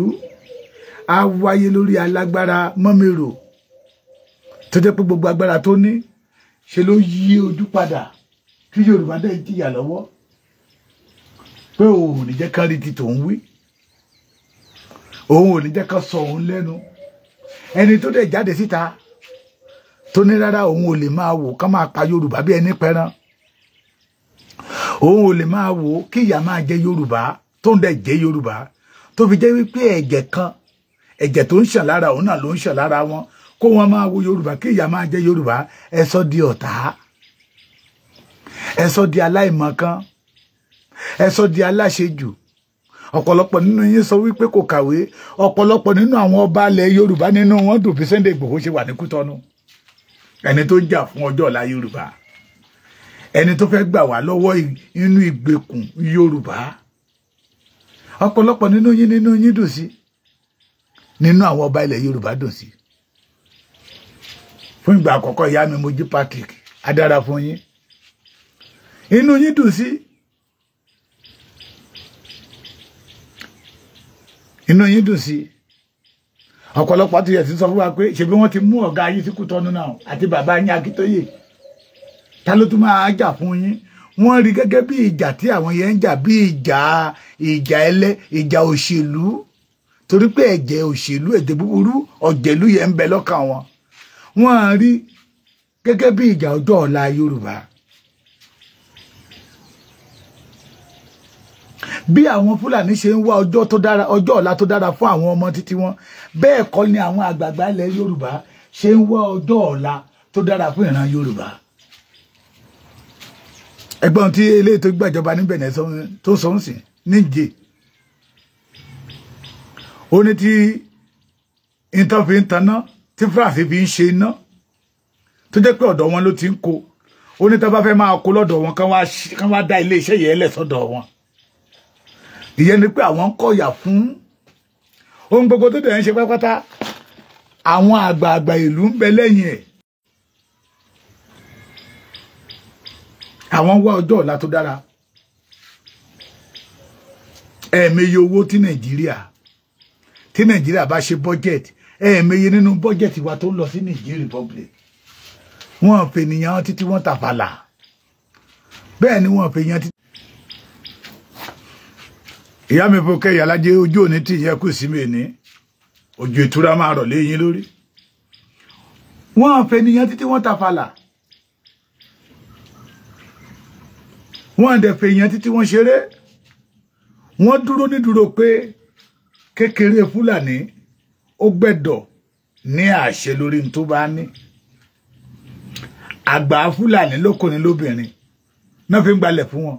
a wáyé lórí alágbára mọ́mìrò tó jẹ́ pé gbogbo agbára tó ní ṣe ló yí ojú padà tí Yorùbá dẹ̀ jìyà lọ́wọ́ pé òun ò ní jẹ́ ká rí ti tòun wí òun ò ní jẹ́ ká sọ òun lẹ́nu ẹni tó dẹ̀ jáde síta tó ní rárá òun ò lè máa wò ká máa pa Yorùbá bí ẹni pẹran òun ò lè máa wò kí ìyà máa jẹ Yorùbá tó ń dẹ̀ jẹ́ Yorùbá tó fi jẹ́ wípé ẹ̀jẹ̀ kan ẹ̀jẹ̀ tó ń ṣàn lára òun náà ló ń ṣàn lára wọn kó wọn máa wo Yorùbá kí ìyà máa jẹ Yorùbá ẹ sọ di ọ̀tá ẹ sọ di aláìmọ̀kan ẹ sọ di aláṣejù ọ̀pọ̀lọpọ̀ nínú yín sọ wípé kò kàwé ọ̀pọ̀lọpọ̀ nínú àwọn ọba ilẹ̀ Yorùbá nínú wọn dùn bí Sunday Igboho ṣe wà ní Kútọ́nù ẹni tó ń jà fún ọjọ́ ọ̀la Yorùbá ẹni tó fẹ́ gbà wá lọ́wọ́ inú ìgbèkùn Yorùbá ọ̀pọ̀lọpọ̀ nínú yín nínú yín dùn sí nínú àwọn ọba ilẹ̀ Yorùbá dùn sí fún ìgbà àkọ́kọ́ ìyá mi Mojí Patrick adára fún yín inú yín dùn sí. inú yín dùn sí ọ̀pọ̀lọpọ̀ àti ẹ̀sìn sọ fún wa pé ṣebí wọ́n ti mú ọ̀gá yín sí Kútọ́nù náà àti bàbá yín Akíntóyè ta ló tún máa jà fún yín wọ́n rí gẹ́gẹ́ bí ìjà tí àwọn yẹn ń jà bí ìjà ìjà ẹlẹ ìjà òṣèlú torí pé ẹ̀jẹ̀ òṣèlú ẹ̀jẹ̀ búburú ọ̀jẹ̀lú yẹn ń bẹ lọ́kàn wọn wọ́n rí gẹ́gẹ́ bí ìjà ọjọ́ ọ̀la Yorùbá bí àwọn fúlàní ṣe ń wá ọjọ́ tó dára ọjọ́ ọ̀la tó dára fún àwọn ọmọ títí wọn bẹ́ẹ̀ kọ́ ni àwọn àgbààgbà ilẹ̀ yorùbá ṣe ń wá ọjọ́ ọ̀la tó dára fún ìran yorùbá ẹ̀gbọ́n tí eléyìí tó gbàjọba ní Benin tó sọ ń sìn níje ó ní tí ìtàn fi ń taná tí france fi ń ṣe iná tó jẹ́ pé ọ̀dọ̀ wọn ló ti ń kó ó ní tó bá fẹ́ máa kó lọ́dọ̀ wọn kán wá dá iléeṣẹ́ yẹn lẹ̀ sọ́dọ̀ wọn ìyẹn ni pé àwọn ń kọ̀yà fún ohun gbogbo tó dẹ̀ ń ṣe pátápátá àwọn àgbààgbà ìlú ń bẹ lẹ́yìn ẹ̀ àwọn wá ọjọ́ ọ̀la tó dára ẹ̀ẹ̀meye owó tí nàìjíríà tí nàìjíríà bá ṣe budget ẹ̀ẹ̀meye nínú budget wa tó ń lọ sí Nigeria Republic wọn fènìyàn títí wọn tàfàlà bẹ́ẹ̀ ni wọn fènìyàn títí ìyá mi Fúnkẹ́ Ìyálájé ojú òní tí ìyẹn kù sí mi ní ojú ìtura máa rọ̀ léyìn lórí wọ́n àfẹnìyàn títí wọ́n tafàlà wọ́n àdẹ̀fẹ̀ èèyàn títí wọ́n ṣeré wọ́n dúró nídúró pé kékeré Fúlàní ó gbẹ̀dọ̀ ní àṣẹ lórí n tó bá ní àgbà Fúlàní lókùnrin lóbìnrin náà fi ń gbalẹ̀ fún wọn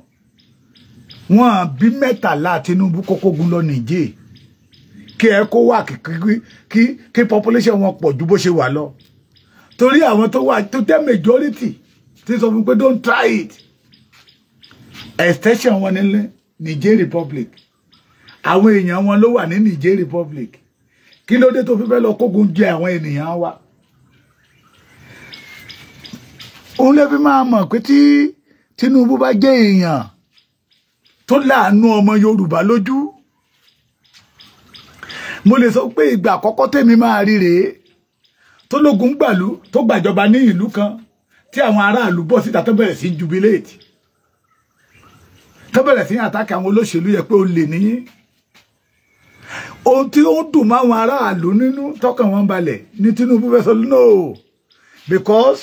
wọn bí mẹ́tàlá Tinubu kókógun lọ nìjẹ́ kí ẹ kó wà kí kí population wọn pọ̀ ju bó ṣe wà lọ torí àwọn tó wà tó jẹ́ majority ti sọ fún pé don't try it extension wọn nílé Niger Republic àwọn èèyàn wọn ló wà ní Niger Republic kí ló dé tó fi fẹ́ lọ kógun jẹ àwọn ènìyàn wa òun lè fi máa mọ̀ pé tí Tinubu bá jẹ́ èèyàn tó láàánú ọmọ Yorùbá lójú mo lè sọ pé ìgbà àkọ́kọ́ tèmi máa rí rèé tó lógun gbàlú tó gbàjọba ní ìlú kan tí àwọn aráàlú bọ̀ síta tó bẹ̀rẹ̀ sí jubilate tó bẹ̀rẹ̀ sí àtàkì àwọn olóṣèlú yẹ pé ó lè níyìn ohun tí ó ń dùn máwọn aráàlú nínú tọkàn wọn balẹ̀ ní Tinubu fẹ́ sọ no because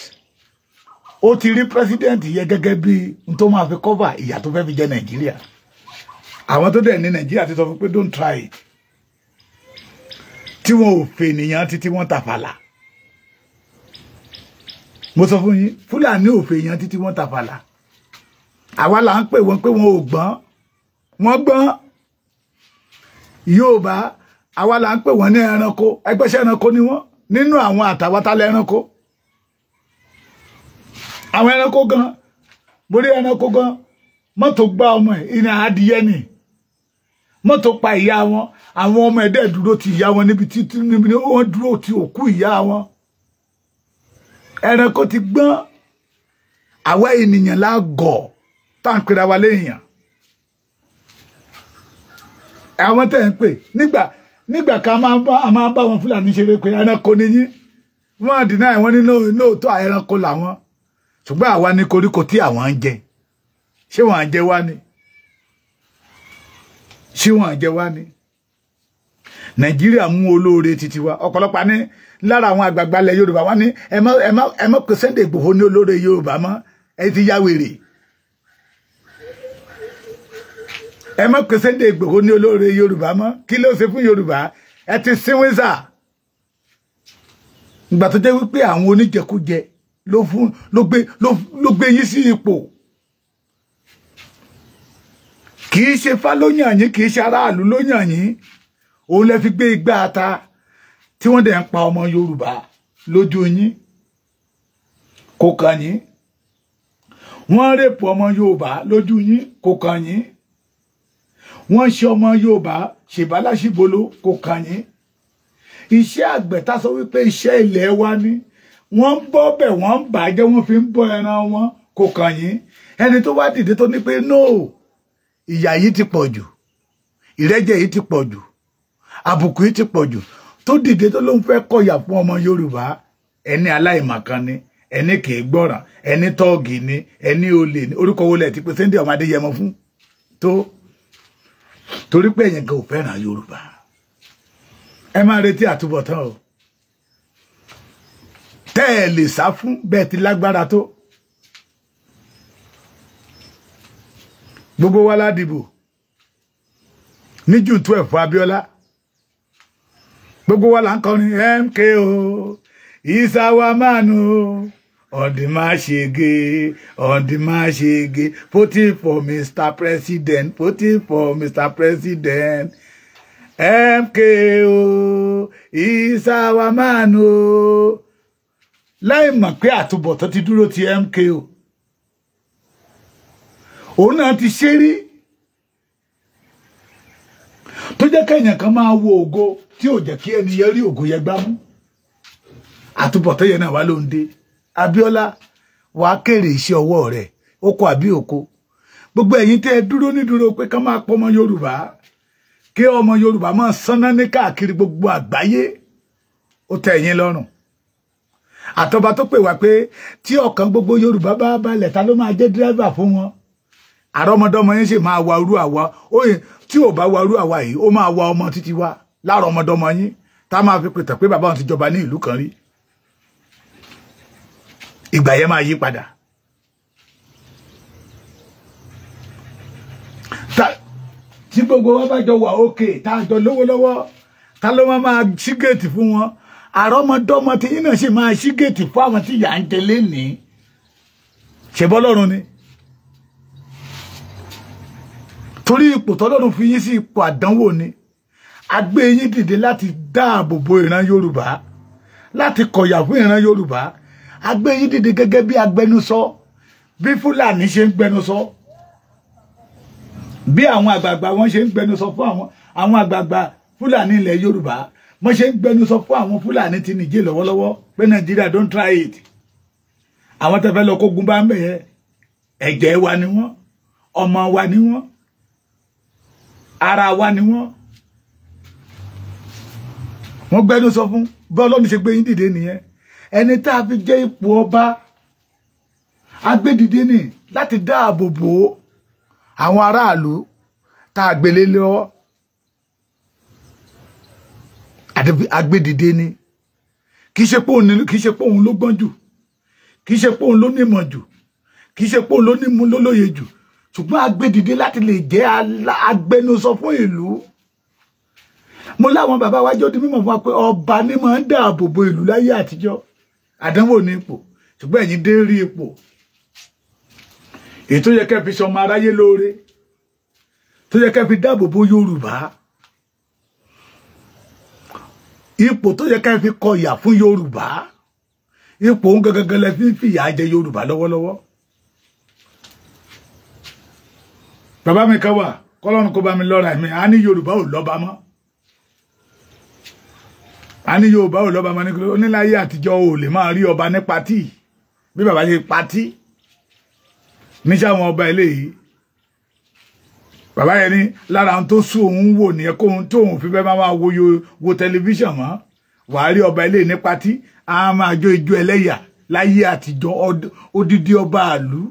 ó ti rí president yẹ gẹ́gẹ́ bí n tó máa fi cover ìyà tó fẹ́ fi jẹ Nàìjíríà àwọn tó dẹ̀ ní nàìjíríà ti sọ fún pé don't try it tí wọn ò fè ènìyàn títí wọn tàfàlà mo sọ fún yín fúlàní ò fè èèyàn títí wọn tàfàlà àwa là ń pè wọn pé wọn ò gbọ́n wọn gbọ́n Yorùbá àwa là ń pè wọn ní ẹranko ẹgbẹ́sẹ̀ ẹranko ni wọn nínú àwọn àtàwátálẹ̀ ẹranko àwọn ẹranko gan borí ẹranko gan mọ́tò gbá ọmọ ẹ̀ ìrìn adìyẹ nìí mọ́tò pa ìyá wọn àwọn ọmọ ẹ̀dẹ́ dúró ti ìyá wọn níbi títí níbi wọ́n dúró ti òkú ìyá wọn ẹranko ti gbọ́n àwa ènìyàn lágọ̀ tá à ń pera wa léèyàn àwọn tẹ̀ ń pè nígbà nígbà ká máa bá wọn fúlàní ṣeré pé ẹranko ni yín wọ́n dínà àwọn nínú lóòótọ́ ẹranko làwọn ṣùgbọ́n àwa ní koríko tí àwọn ń jẹ ṣé wọ́n á jẹ wá ni ṣé wọ́n jẹ wá ni nàìjíríà mú olóore títí wa ọ̀pọ̀lọpọ̀ ní lára àwọn àgbààgbà ilẹ̀ yorùbá wọ́n ní ẹ má pè Sunday Igboho ní olóore yorùbá mọ́ ẹ ti ya wèrè ẹ má pè Sunday Igboho ní olóore yorùbá mọ́ kí ló ṣe fún yorùbá ẹ ti síwísà ìgbà tó jẹ́ wípé àwọn oníjẹkújẹ ló gbé yín sí ipò kì í ṣe fá ló yàn yín kì í ṣe aráàlú ló yàn yín òun lẹ fi gbé igbá ata tí wọ́n dẹ̀ ń pa ọmọ Yorùbá lójú yín kò kàn yín wọ́n rèpò ọmọ Yorùbá lójú yín kò kàn yín wọ́n ṣe ọmọ Yorùbá ṣèbáláṣíbolo kò kàn yín iṣẹ́ àgbẹ̀ sọ wípé iṣẹ́ ilẹ̀ wa ni wọ́n ń bọ́ bẹ̀ wọ́n ń fi ń bọ́ ẹran wọn kò kàn yín ẹni tó wá dìde tó ní pé no ìyà yìí ti pọ̀ jù ìrẹ́jẹ yìí ti pọ̀ jù àbùkù yìí ti pọ̀ jù tó dìde tó ló ń fẹ́ kọ̀yà fún ọmọ Yorùbá ẹni aláìmọ̀kan ni ẹni kìí gbọ́ràn ẹni tọ́ọ̀gì ni ẹni olè ni orúkọ wo lẹ̀ ti pé Sunday ọmọ Adéyẹmọ fún tó torí pé ẹ̀yin kan ò fẹ́ràn Yorùbá ẹ máa retí àtúbọ̀tán o tẹ́ ẹ lè sá fún bẹ́ẹ̀ ti lágbára tó gbogbo wa ládìbò ní june twelve fún Abíọ́lá gbogbo wa là ń kọrin MKO ìsáwá mánu ọ̀dìmáṣege ọ̀dìmáṣege voting for Mr. President voting for Mr. President MKO ìsáwá mánu láì mọ̀ pé àtúbọ̀tán ti dúró ti MKO òun náà ti ṣe rí tó jẹ́ kẹ́yìn kan máa wo ògo tí ò jẹ́ kí ẹni yẹn rí ògo yẹn gbá mú àtúbọ̀tán yẹn náà wá ló ń dé Abíọ́lá wàá kéré iṣẹ́ ọwọ́ rẹ̀ ó kọ àbí òko gbogbo ẹ̀yin tẹ́ ẹ dúró nídúró pé ká máa pọ́ ọmọ Yorùbá kí ọmọ Yorùbá máa sánná ní káàkiri gbogbo àgbáyé ó tẹ́ ẹ̀yin lọ́rùn àtọba tó pè wá pé tí ọkàn gbogbo Yorùbá bá balẹ̀ ta ló máa jẹ́ dírẹ́fà fún wọn àrọmọdọ́mọ yín ṣe máa wa irú àwa oyin tí ò bá wa irú àwa yìí ó máa wa ọmọ títí wa láàrọ ọmọdọ́mọ yín tá máa fi pètè pé bàbá wọn ti jọba ní ìlú kan rí ìgbà yẹn máa yí padà tí gbogbo wa bá jọ wà òkè tá a jọ lówó lọ́wọ́ ta ló máa máa ṣí géètì fún wọn àrọmọdọ́mọ tí yín náà ṣe máa ṣí géètì fún àwọn tí ìyà ń jẹ lénìí ṣèbọ́lọ́run ni torí ipò tọ́lọ́run fi yín sí ipò àdánwò ni agbé yín dìde láti dáàbò bo ìran yorùbá láti kọ̀yà fún ìran yorùbá agbé yín dìde gẹ́gẹ́ bí agbẹnusọ bí fúlàní ṣe ń gbẹnusọ bí àwọn àgbààgbà wọn ṣe ń gbẹnusọ fún àwọn àwọn àgbààgbà fúlàní ilẹ̀ yorùbá wọ́n ṣe ń gbẹnusọ fún àwọn fúlàní ti nìjẹ́ lọ́wọ́lọ́wọ́ pé nàìjíríà don't try it àwọn tẹ́fẹ́ lọ kógun bá ń bẹ̀yẹ ẹ̀jẹ̀ wa ni wọ́n ọmọ wa ni wọ́n ara wa ni wọ́n wọ́n gbẹ́nu sọ fún bí ọlọ́run ṣe gbé yín dìde nìyẹn ẹni tá a fi jẹ́ ipò ọba agbẹ́dìde nì láti dáàbò bò àwọn aráàlú tá a gbélé lọ́wọ́ agbẹ́dìde ni kì í ṣe pé òun ló gbọ́n jù kì í ṣe pé òun ló nímọ̀ jù kì í ṣe pé òun ló nímú lólóye jù ṣùgbọ́n agbẹ́dìde láti lè jẹ́ agbẹnusọ fún ìlú mo láwọn bàbá wájú ó di mímọ̀ fún wa pé ọba ní máa ń dáàbò bo ìlú láyé àtijọ́ àdánwò ní ipò ṣùgbọ́n ẹ̀yin dé rí ipò èyí tó yẹ kẹ́ fi sọmọ aráyé lóore tó yẹ kẹ́ fi dáàbò bo Yorùbá ipò tó yẹ kẹ́ fi kọyà fún Yorùbá ipò ń gangan lẹ fi ń fìyà jẹ Yorùbá lọ́wọ́lọ́wọ́. bàbá mi kan wà kọ́lọ́run kó bá mi lọ́ra mi a ní yorùbá ò lọ́ba mọ́ a ní yorùbá ò lọ́ba mọ́ oníláyé àtijọ́ ò lè máa rí ọba ní patí bí bàbá ṣe patí níṣẹ́ àwọn ọba eléyìí bàbá yẹn ní lára tó sún òun wò nìyẹn kóhun tóun fi bẹ́ẹ̀ máa wo wo tẹlifíṣàn mọ́ wàá rí ọba eléyìí ní patí a máa jó ijó ẹlẹ́yà láyé àtijọ́ odidi ọba àlú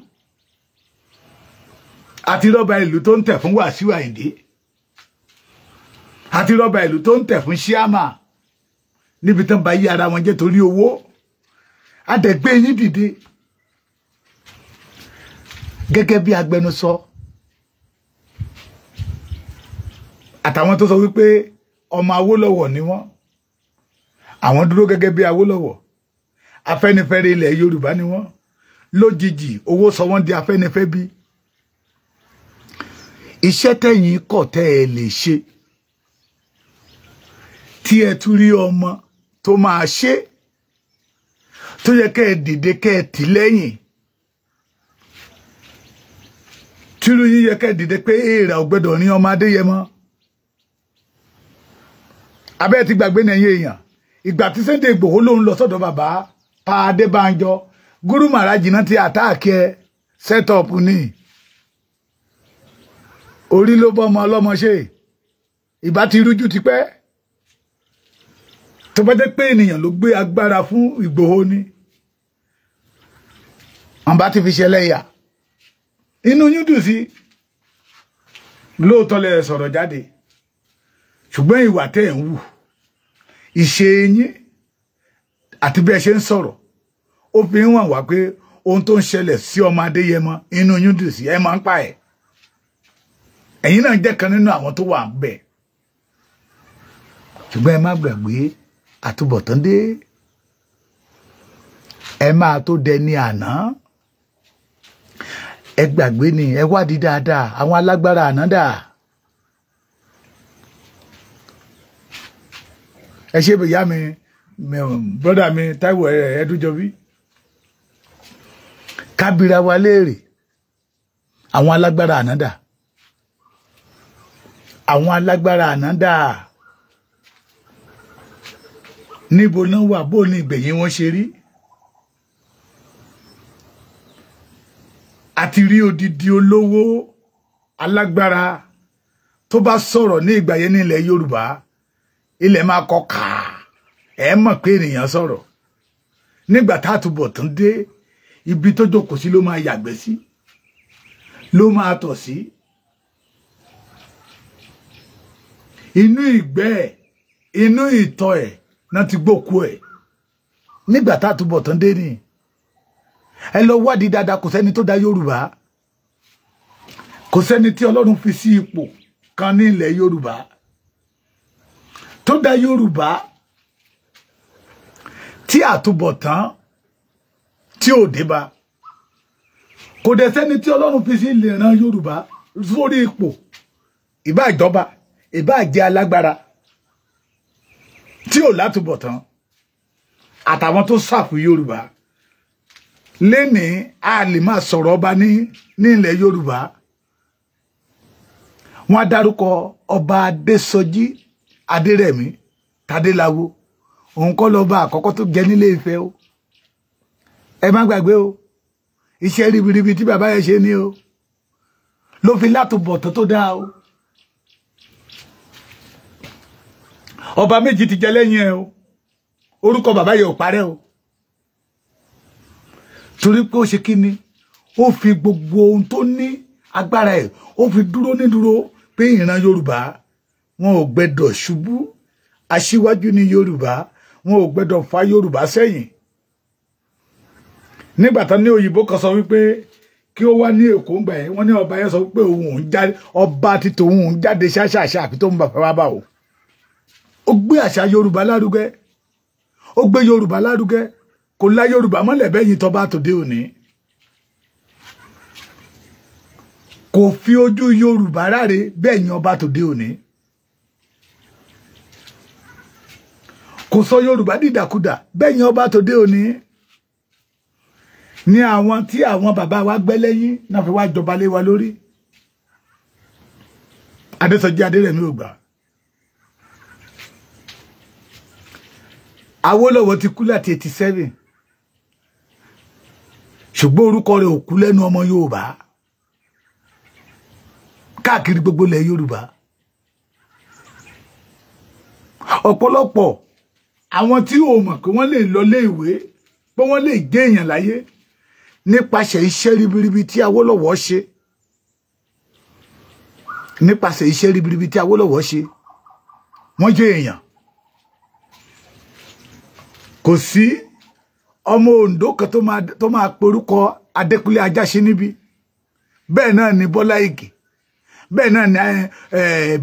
àti rọ́bà ìlú tó ń tẹ̀ fún Wàsíù Àyìndé àti rọ́bà ìlú tó ń tẹ̀ fún ṣíàmà níbi tán bá yí ara wọn jẹ́ torí owó àtẹ̀gbé yín dìde gẹ́gẹ́ bí agbẹnusọ àtàwọn tó sọ wípé ọmọ Awólọ́wọ̀ ni wọ́n àwọn dúró gẹ́gẹ́ bí Awólọ́wọ̀ Afẹ́nifẹ́re ilẹ̀ Yorùbá ni wọ́n lójijì owó sọ wọ́n di Afẹ́nifẹ́ bíi iṣẹ́ tẹ̀yin kọ̀ tẹ́ ẹ lè ṣe tí ẹ tún rí ọmọ tó máa ṣe tó yẹ kẹ́ ẹ dìde kẹ́ ẹ tì lẹ́yìn tírú yín yẹ kẹ́ ẹ dìde pé èèrà ò gbọ́dọ̀ ọmọ adéyẹmọ abẹ́ ti gbàgbé ní ẹ̀yìn èèyàn ìgbà tí Sunday Ìgbòho lòun lọ sọ́dọ̀ bàbá pa Adébánjọ Gúrú Màrájì náà ti àtáàkì ẹ set up ni orí ló bọ́mọ ọlọ́mọ ṣe ìbá ti rújú tipẹ́ tó bá jẹ́ pé ènìyàn ló gbé agbára fún Ìgbòho ni wọn bá ti fi ṣẹlẹ́yà inú yín dùn sí lóòótọ́ lẹ sọ̀rọ̀ jáde ṣùgbọ́n ìwà tẹ́ ẹ̀ ń wù ìṣe yín àti bí ẹ ṣe ń sọ̀rọ̀ ó fi ń wọ̀n wá pé ohun tó ń ṣẹlẹ̀ sí ọmọ Adéyẹmọ inú yín dùn sí ẹ máa ń pa ẹ̀ ẹ̀yin náà jẹ́ kan nínú àwọn tó wà bẹ̀ ṣùgbọ́n ẹ má gbàgbé àtúbọ̀tán dé ẹ máa tó dẹni àná ẹ gbàgbé ni ẹ wádìí dáadáa àwọn alágbára àná dà ẹ ṣe bìyà mi brọ́dà mi Táíwò Ẹdúnjọbí kábìrà wa léèrè àwọn alágbára àná dà àwọn alágbára àná dà níbo náà wà bó ní ìgbẹ̀yìn wọn ṣe rí àti rí odidi olówó alágbára tó bá sọ̀rọ̀ ní ìgbà yẹn nílẹ̀ Yorùbá ilẹ̀ máa kọ kàá ẹ mọ̀ pé ènìyàn sọ̀rọ̀ nígbà tátúbọ̀ tún dé ibi tó jókòó sí ló máa yàgbẹ́ sí ló máa tọ̀ sí. Si inú ìgbẹ́ ẹ̀ inú ìtọ̀ ẹ̀ náà ti gbókú ẹ̀ nígbà tá a túbọ̀ tán dé ni ẹ lọ wádìí dáadáa kò sẹ́ni tó dá Yorùbá kò sẹ́ni tí Ọlọ́run fi sí ipò kan ní ilẹ̀ Yorùbá tó dá Yorùbá tí àtúbọ̀tán tí ò dé bá kò dẹ̀ sẹ́ni tí Ọlọ́run fi sí ìlera Yorùbá sórí ipò ìbá ìjọba ìbáà jẹ́ alágbára tí ò látúbọ̀tán àtàwọn tó sàkú yorùbá lénìí a lè máa sọ̀rọ̀ ọba ní nílẹ̀ yorùbá wọ́n á dárúkọ ọba adésọjí adérẹ̀mí tadéláwo òun kọ́ lọ́ba àkọ́kọ́ tó jẹ nílé Ifẹ̀ o ẹ má gbàgbé o iṣẹ́ ribiribi tí bàbá yẹn ṣe ní o ló fi látúbọ̀tán tó dáa o. ọba méjì ti jẹ lẹ́yìn ẹ o orúkọ bàbá yẹ ò parẹ́ o torí pé ó ṣe kí ni ó fi gbogbo ohun tó ní agbára ẹ̀ ó fi dúró nídúró pé ìran yorùbá wọn ò gbẹ́dọ̀ ṣubú aṣíwájú ní yorùbá wọn ò gbẹ́dọ̀ fa yoruba sẹ́yìn nígbà tán ní òyìnbó kan sọ wípé kí ó wá ní èkó ń gbà yẹn wọn ní ọba yẹn sọ wípé òun òun jáde ọba ti tòun òun jáde ṣáṣáṣá àfi tó ń bàbá wa bá o ó gbé àṣà yorùbá lárugẹ ó gbé yorùbá lárugẹ kò la yorùbá mọ́lẹ̀ bẹ́yìn tọba tòde òní kò fi ojú yorùbá ráre bẹ́yìn ọba tòde òní kò sọ yorùbá dìdàkudà bẹ́yìn ọba tòde òní ni àwọn tí àwọn bàbá wa gbẹ́ lẹ́yìn náà fi wá jọba lé wa lórí adésọjí adérẹ̀mí ò gbà Awólọ́wọ̀ ti kú láti eighty seven ṣùgbọ́n orúkọ rẹ̀ ò kú lẹ́nu ọmọ Yorùbá káàkiri gbogbo ilẹ̀ Yorùbá ọ̀pọ̀lọpọ̀ àwọn tí ò mọ̀ pé wọ́n lè lọ lé ìwé pé wọ́n lè gé èèyàn láyé nípasẹ̀ iṣẹ́ ribiribi tí Awólọ́wọ̀ ṣe nípasẹ̀ iṣẹ́ ribiribi tí Awólọ́wọ̀ ṣe wọ́n jẹ́ èèyàn kò sí ọmọ Ondo kan tó máa porúkọ Adékúnlé Ajáṣin níbí bẹ́ẹ̀ náà ni Bọ́lá Ìgè bẹ́ẹ̀ náà ni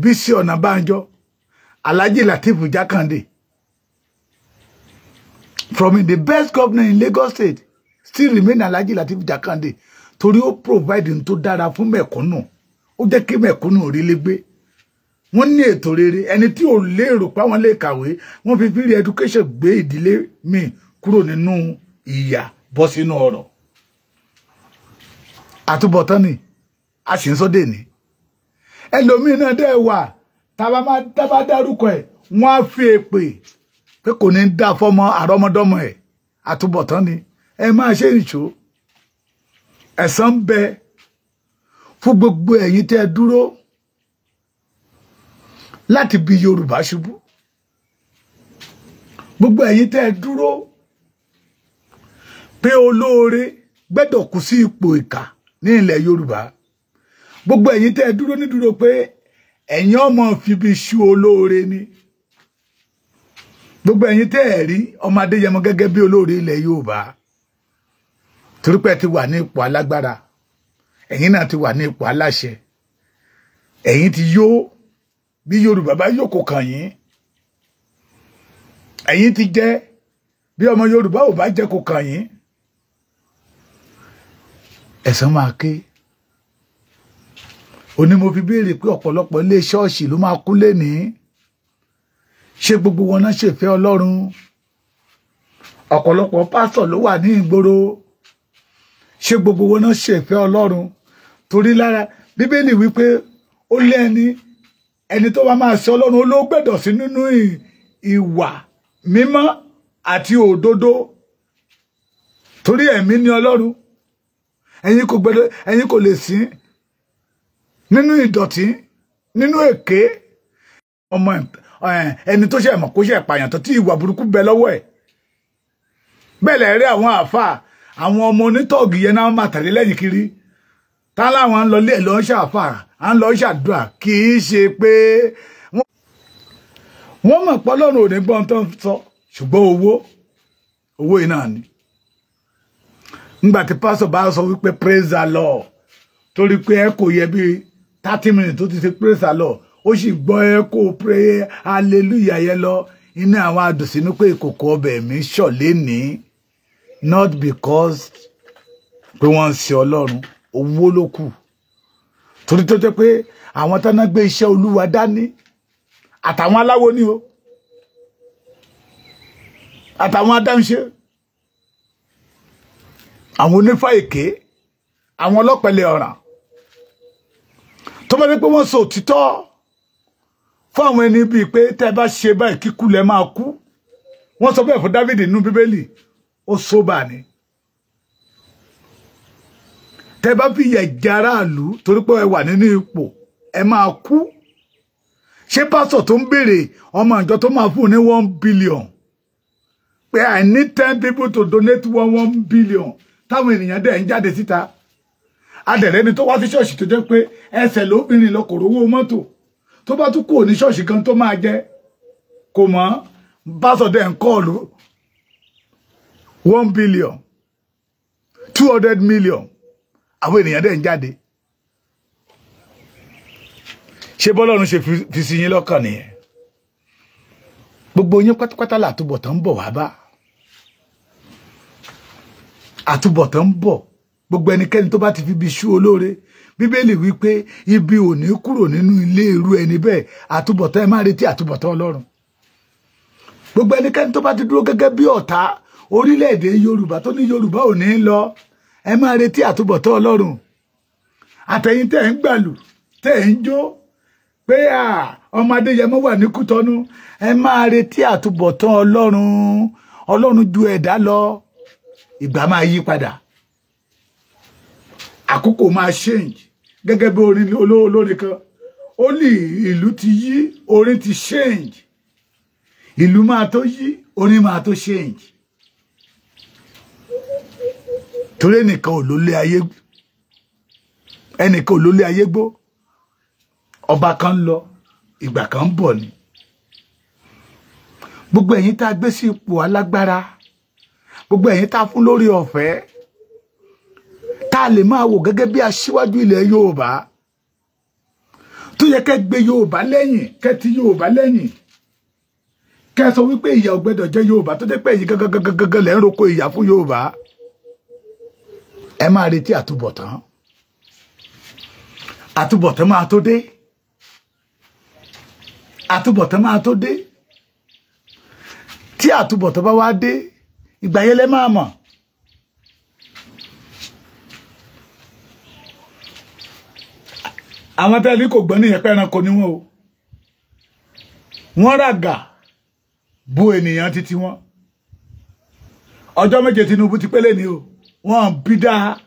Bísí Ọ̀nàbánjọ́ Alhaji Lateef Jákàndé from the best governor in Lagos State still remain Alhaji Lateef Jákàndé torí ó provide n tó dára fún mẹ̀kúnnù ó jẹ́ kí mẹ̀kúnnù rí lé gbé wọ́n ní ètò rere ẹni tí ò lérò pé àwọn lè kàwé wọ́n fi free education gbé ìdílé mi kúrò nínú ìyà bọ́ sínú ọ̀rọ̀ àtúbọ̀tán ni a sì ń sóde ní ẹlòmíín náà dẹ́ wà tábà máa dábàá dárúkọ ẹ̀ wọ́n á fi èpè pé kò ní dá fọ́mọ àrọ́mọdọ́mọ ẹ̀ àtúbọ̀tán ni ẹ máa ṣe ìṣó ẹ̀san ń bẹ fún gbogbo ẹ̀yin tẹ́ dúró láti bí Yorùbá ṣubú gbogbo ẹ̀yin tẹ́ ẹ dúró pé olóore gbẹ́dọ̀ kú sí ipò ìkà ní ilẹ̀ Yorùbá gbogbo ẹ̀yin tẹ́ ẹ dúró nídúró pé ẹ̀yin ọmọ fìbí ṣu olóore ni gbogbo ẹ̀yin tẹ́ ẹ rí ọmọ Adéyẹmọ gẹ́gẹ́ bí olóore ilẹ̀ Yorùbá torí pé ti wà ní ipò alágbára ẹ̀yin náà ti wà ní ipò aláṣẹ ẹ̀yin ti yóò bí Yorùbá bá yòókù kàn yín ẹ̀yin ti jẹ́ bí ọmọ Yorùbá ò bá jẹ́ kó kàn yín ẹ̀san máa ké òní mo fi béèrè pé ọ̀pọ̀lọpọ̀ ilé ṣọ́ọ̀ṣì ló máa kú lénìí ṣé gbogbo wọn náà ṣèfẹ́ Ọlọ́run ọ̀pọ̀lọpọ̀ pásítọ̀ ló wà ní ìgboro ṣé gbogbo wọn náà ṣèfẹ́ Ọlọ́run torí lára Bíbélì wípé ó lẹ́ni ẹni tó bá máa ṣe ọlọ́run olóògbẹ̀dọ̀ sí nínú ìwà mímọ́ àti òdodo torí ẹ̀mí ni ọlọ́run ẹ̀yin kò gbẹdọ̀ ẹ̀yin kò lè sìn nínú ìdọ̀tí nínú èké ọmọ ẹni tó ṣe ẹ̀mọ̀ kó ṣe ẹ̀pààyàn tó tí ìwà burúkú bẹ lọ́wọ́ ẹ̀ bẹ́ẹ̀ lẹ́rìí àwọn àáfàá àwọn ọmọ onítọ̀ọ̀gì yẹn náà máa tàlé lẹ́yìn kiri táláwọn ń lọ lé lọ ṣàfà à ń lọ ṣàdúrà kì í ṣe pé wọ́n mọ̀ pé Ọlọ́run ò ní gbọ́n tó ń sọ ṣùgbọ́n owó owó yìí náà ni ngbà tí pásítọ̀ bá sọ wípé praise the lord torí pé ẹ kò yẹ bí thirty minutes tó ti ṣe praise the lord ó sì gbọ́ ẹ kó pray hallelujah yẹn lọ inú àwọn adùnsínú pé ìkòkò ọbẹ̀ mi ṣọ̀lé ní not because pé wọ́n ń ṣe ọlọ́run owó ló kù torí tó jẹ́ pé àwọn tán náà gbé iṣẹ́ olúwa dání àtàwọn aláwo ni o àtàwọn adámṣe àwọn onífá èké àwọn ọlọ́pẹ̀lẹ̀ ọ̀ràn tó bá dé pé wọ́n sọ òtítọ́ fún àwọn ẹni bíi pé tẹ́ bá ṣe báyìí kíkú lẹ máa kú wọ́n sọ bẹ́ẹ̀ fún Dáfídì nínú bíbélì ó sóbà ni tẹ́ bá fi yẹ jẹ aráàlú torí pé ẹ wà nínú ipò ẹ máa kú ṣé pásọ̀ tó ń béèrè ọmọ ìjọ tó máa fún ní one billion pé i need ten people to donate one one billion táwọn ènìyàn dẹ̀ ń jáde síta adẹ̀rẹ́ ni tó wá sí ṣọ́ọ̀ṣì tó jẹ́ pé ẹsẹ̀ lóbìnrin lọ kò rówó mọ́tò tó bá tún kò ní ṣọ́ọ̀ṣì kan tó máa jẹ kò mọ́ pásọ̀ dẹ̀ ń kọ́ọ̀lù one billion two hundred million àwọn ènìyàn dẹ̀ ń jáde ṣé bọ́lọ́run ṣe fi sí yín lọ́kàn nìyẹn gbogbo yín pátápátá làtúbọ̀tán ń bọ̀ wá bá àtúbọ̀tán ń bọ̀ gbogbo ẹnikẹ́ni tó bá ti fi ibi ṣú olóore bíbélì wípé ibi ò ní kúrò nínú ilé irú ẹni bẹ́ẹ̀ àtúbọ̀tán ẹ má retí àtúbọ̀tán ọlọ́run gbogbo ẹnikẹ́ni tó bá ti dúró gẹ́gẹ́ bí ọ̀tá orílẹ̀-èdè yorùbá tó ní yorùbá ò ní lọ ẹ máa retí àtúbọ̀tán ọlọ́run àtẹ̀yìn tẹ̀ ń gbàlù tẹ̀ ń jó pé ọmọ adéyẹmọ wà ní kútọ́nú ẹ máa retí àtúbọ̀tán ọlọ́run ọlọ́run ju ẹ̀dá lọ ìgbà máa yí padà àkókò máa change gẹ́gẹ́ bí orin olórin kan ó lè ìlú ti yí orin ti change ìlú máa tó yí orin máa tó change torí ẹnìkan ò lólé ayé ẹnìkan ò lólé ayé gbó ọba kan ń lọ ìgbà kan ń bọ̀ ni gbogbo ẹ̀yin tá a gbé sí ipò alágbára gbogbo ẹ̀yin tá a fún lórí ọ̀fẹ́ tá a lè máa wò gẹ́gẹ́ bí aṣíwájú ilẹ̀ Yorùbá tó yẹ kẹ́ gbé Yorùbá lẹ́yìn kẹ́ ti Yorùbá lẹ́yìn kẹ́ sọ wípé ìyà ò gbẹ́dọ̀ Yorùbá tó jẹ́ pé ẹ̀yin gangan gangan lẹ́ ń roko ìyà fún Yorùbá ẹ máa retí àtúbọ̀tán àtúbọ̀tán máa tó dé àtúbọ̀tán máa tó dé tí àtúbọ̀tán bá wá dé ìgbà yẹn lẹ máa mọ̀ àwọn tẹ́lẹ̀ kò gbọ́n nìyẹn pẹ́ran kò ní wọn o wọ́n ràgà bo ènìyàn títí wọn ọjọ́ méje Tinubu ti pélé ni o wọn bí dáa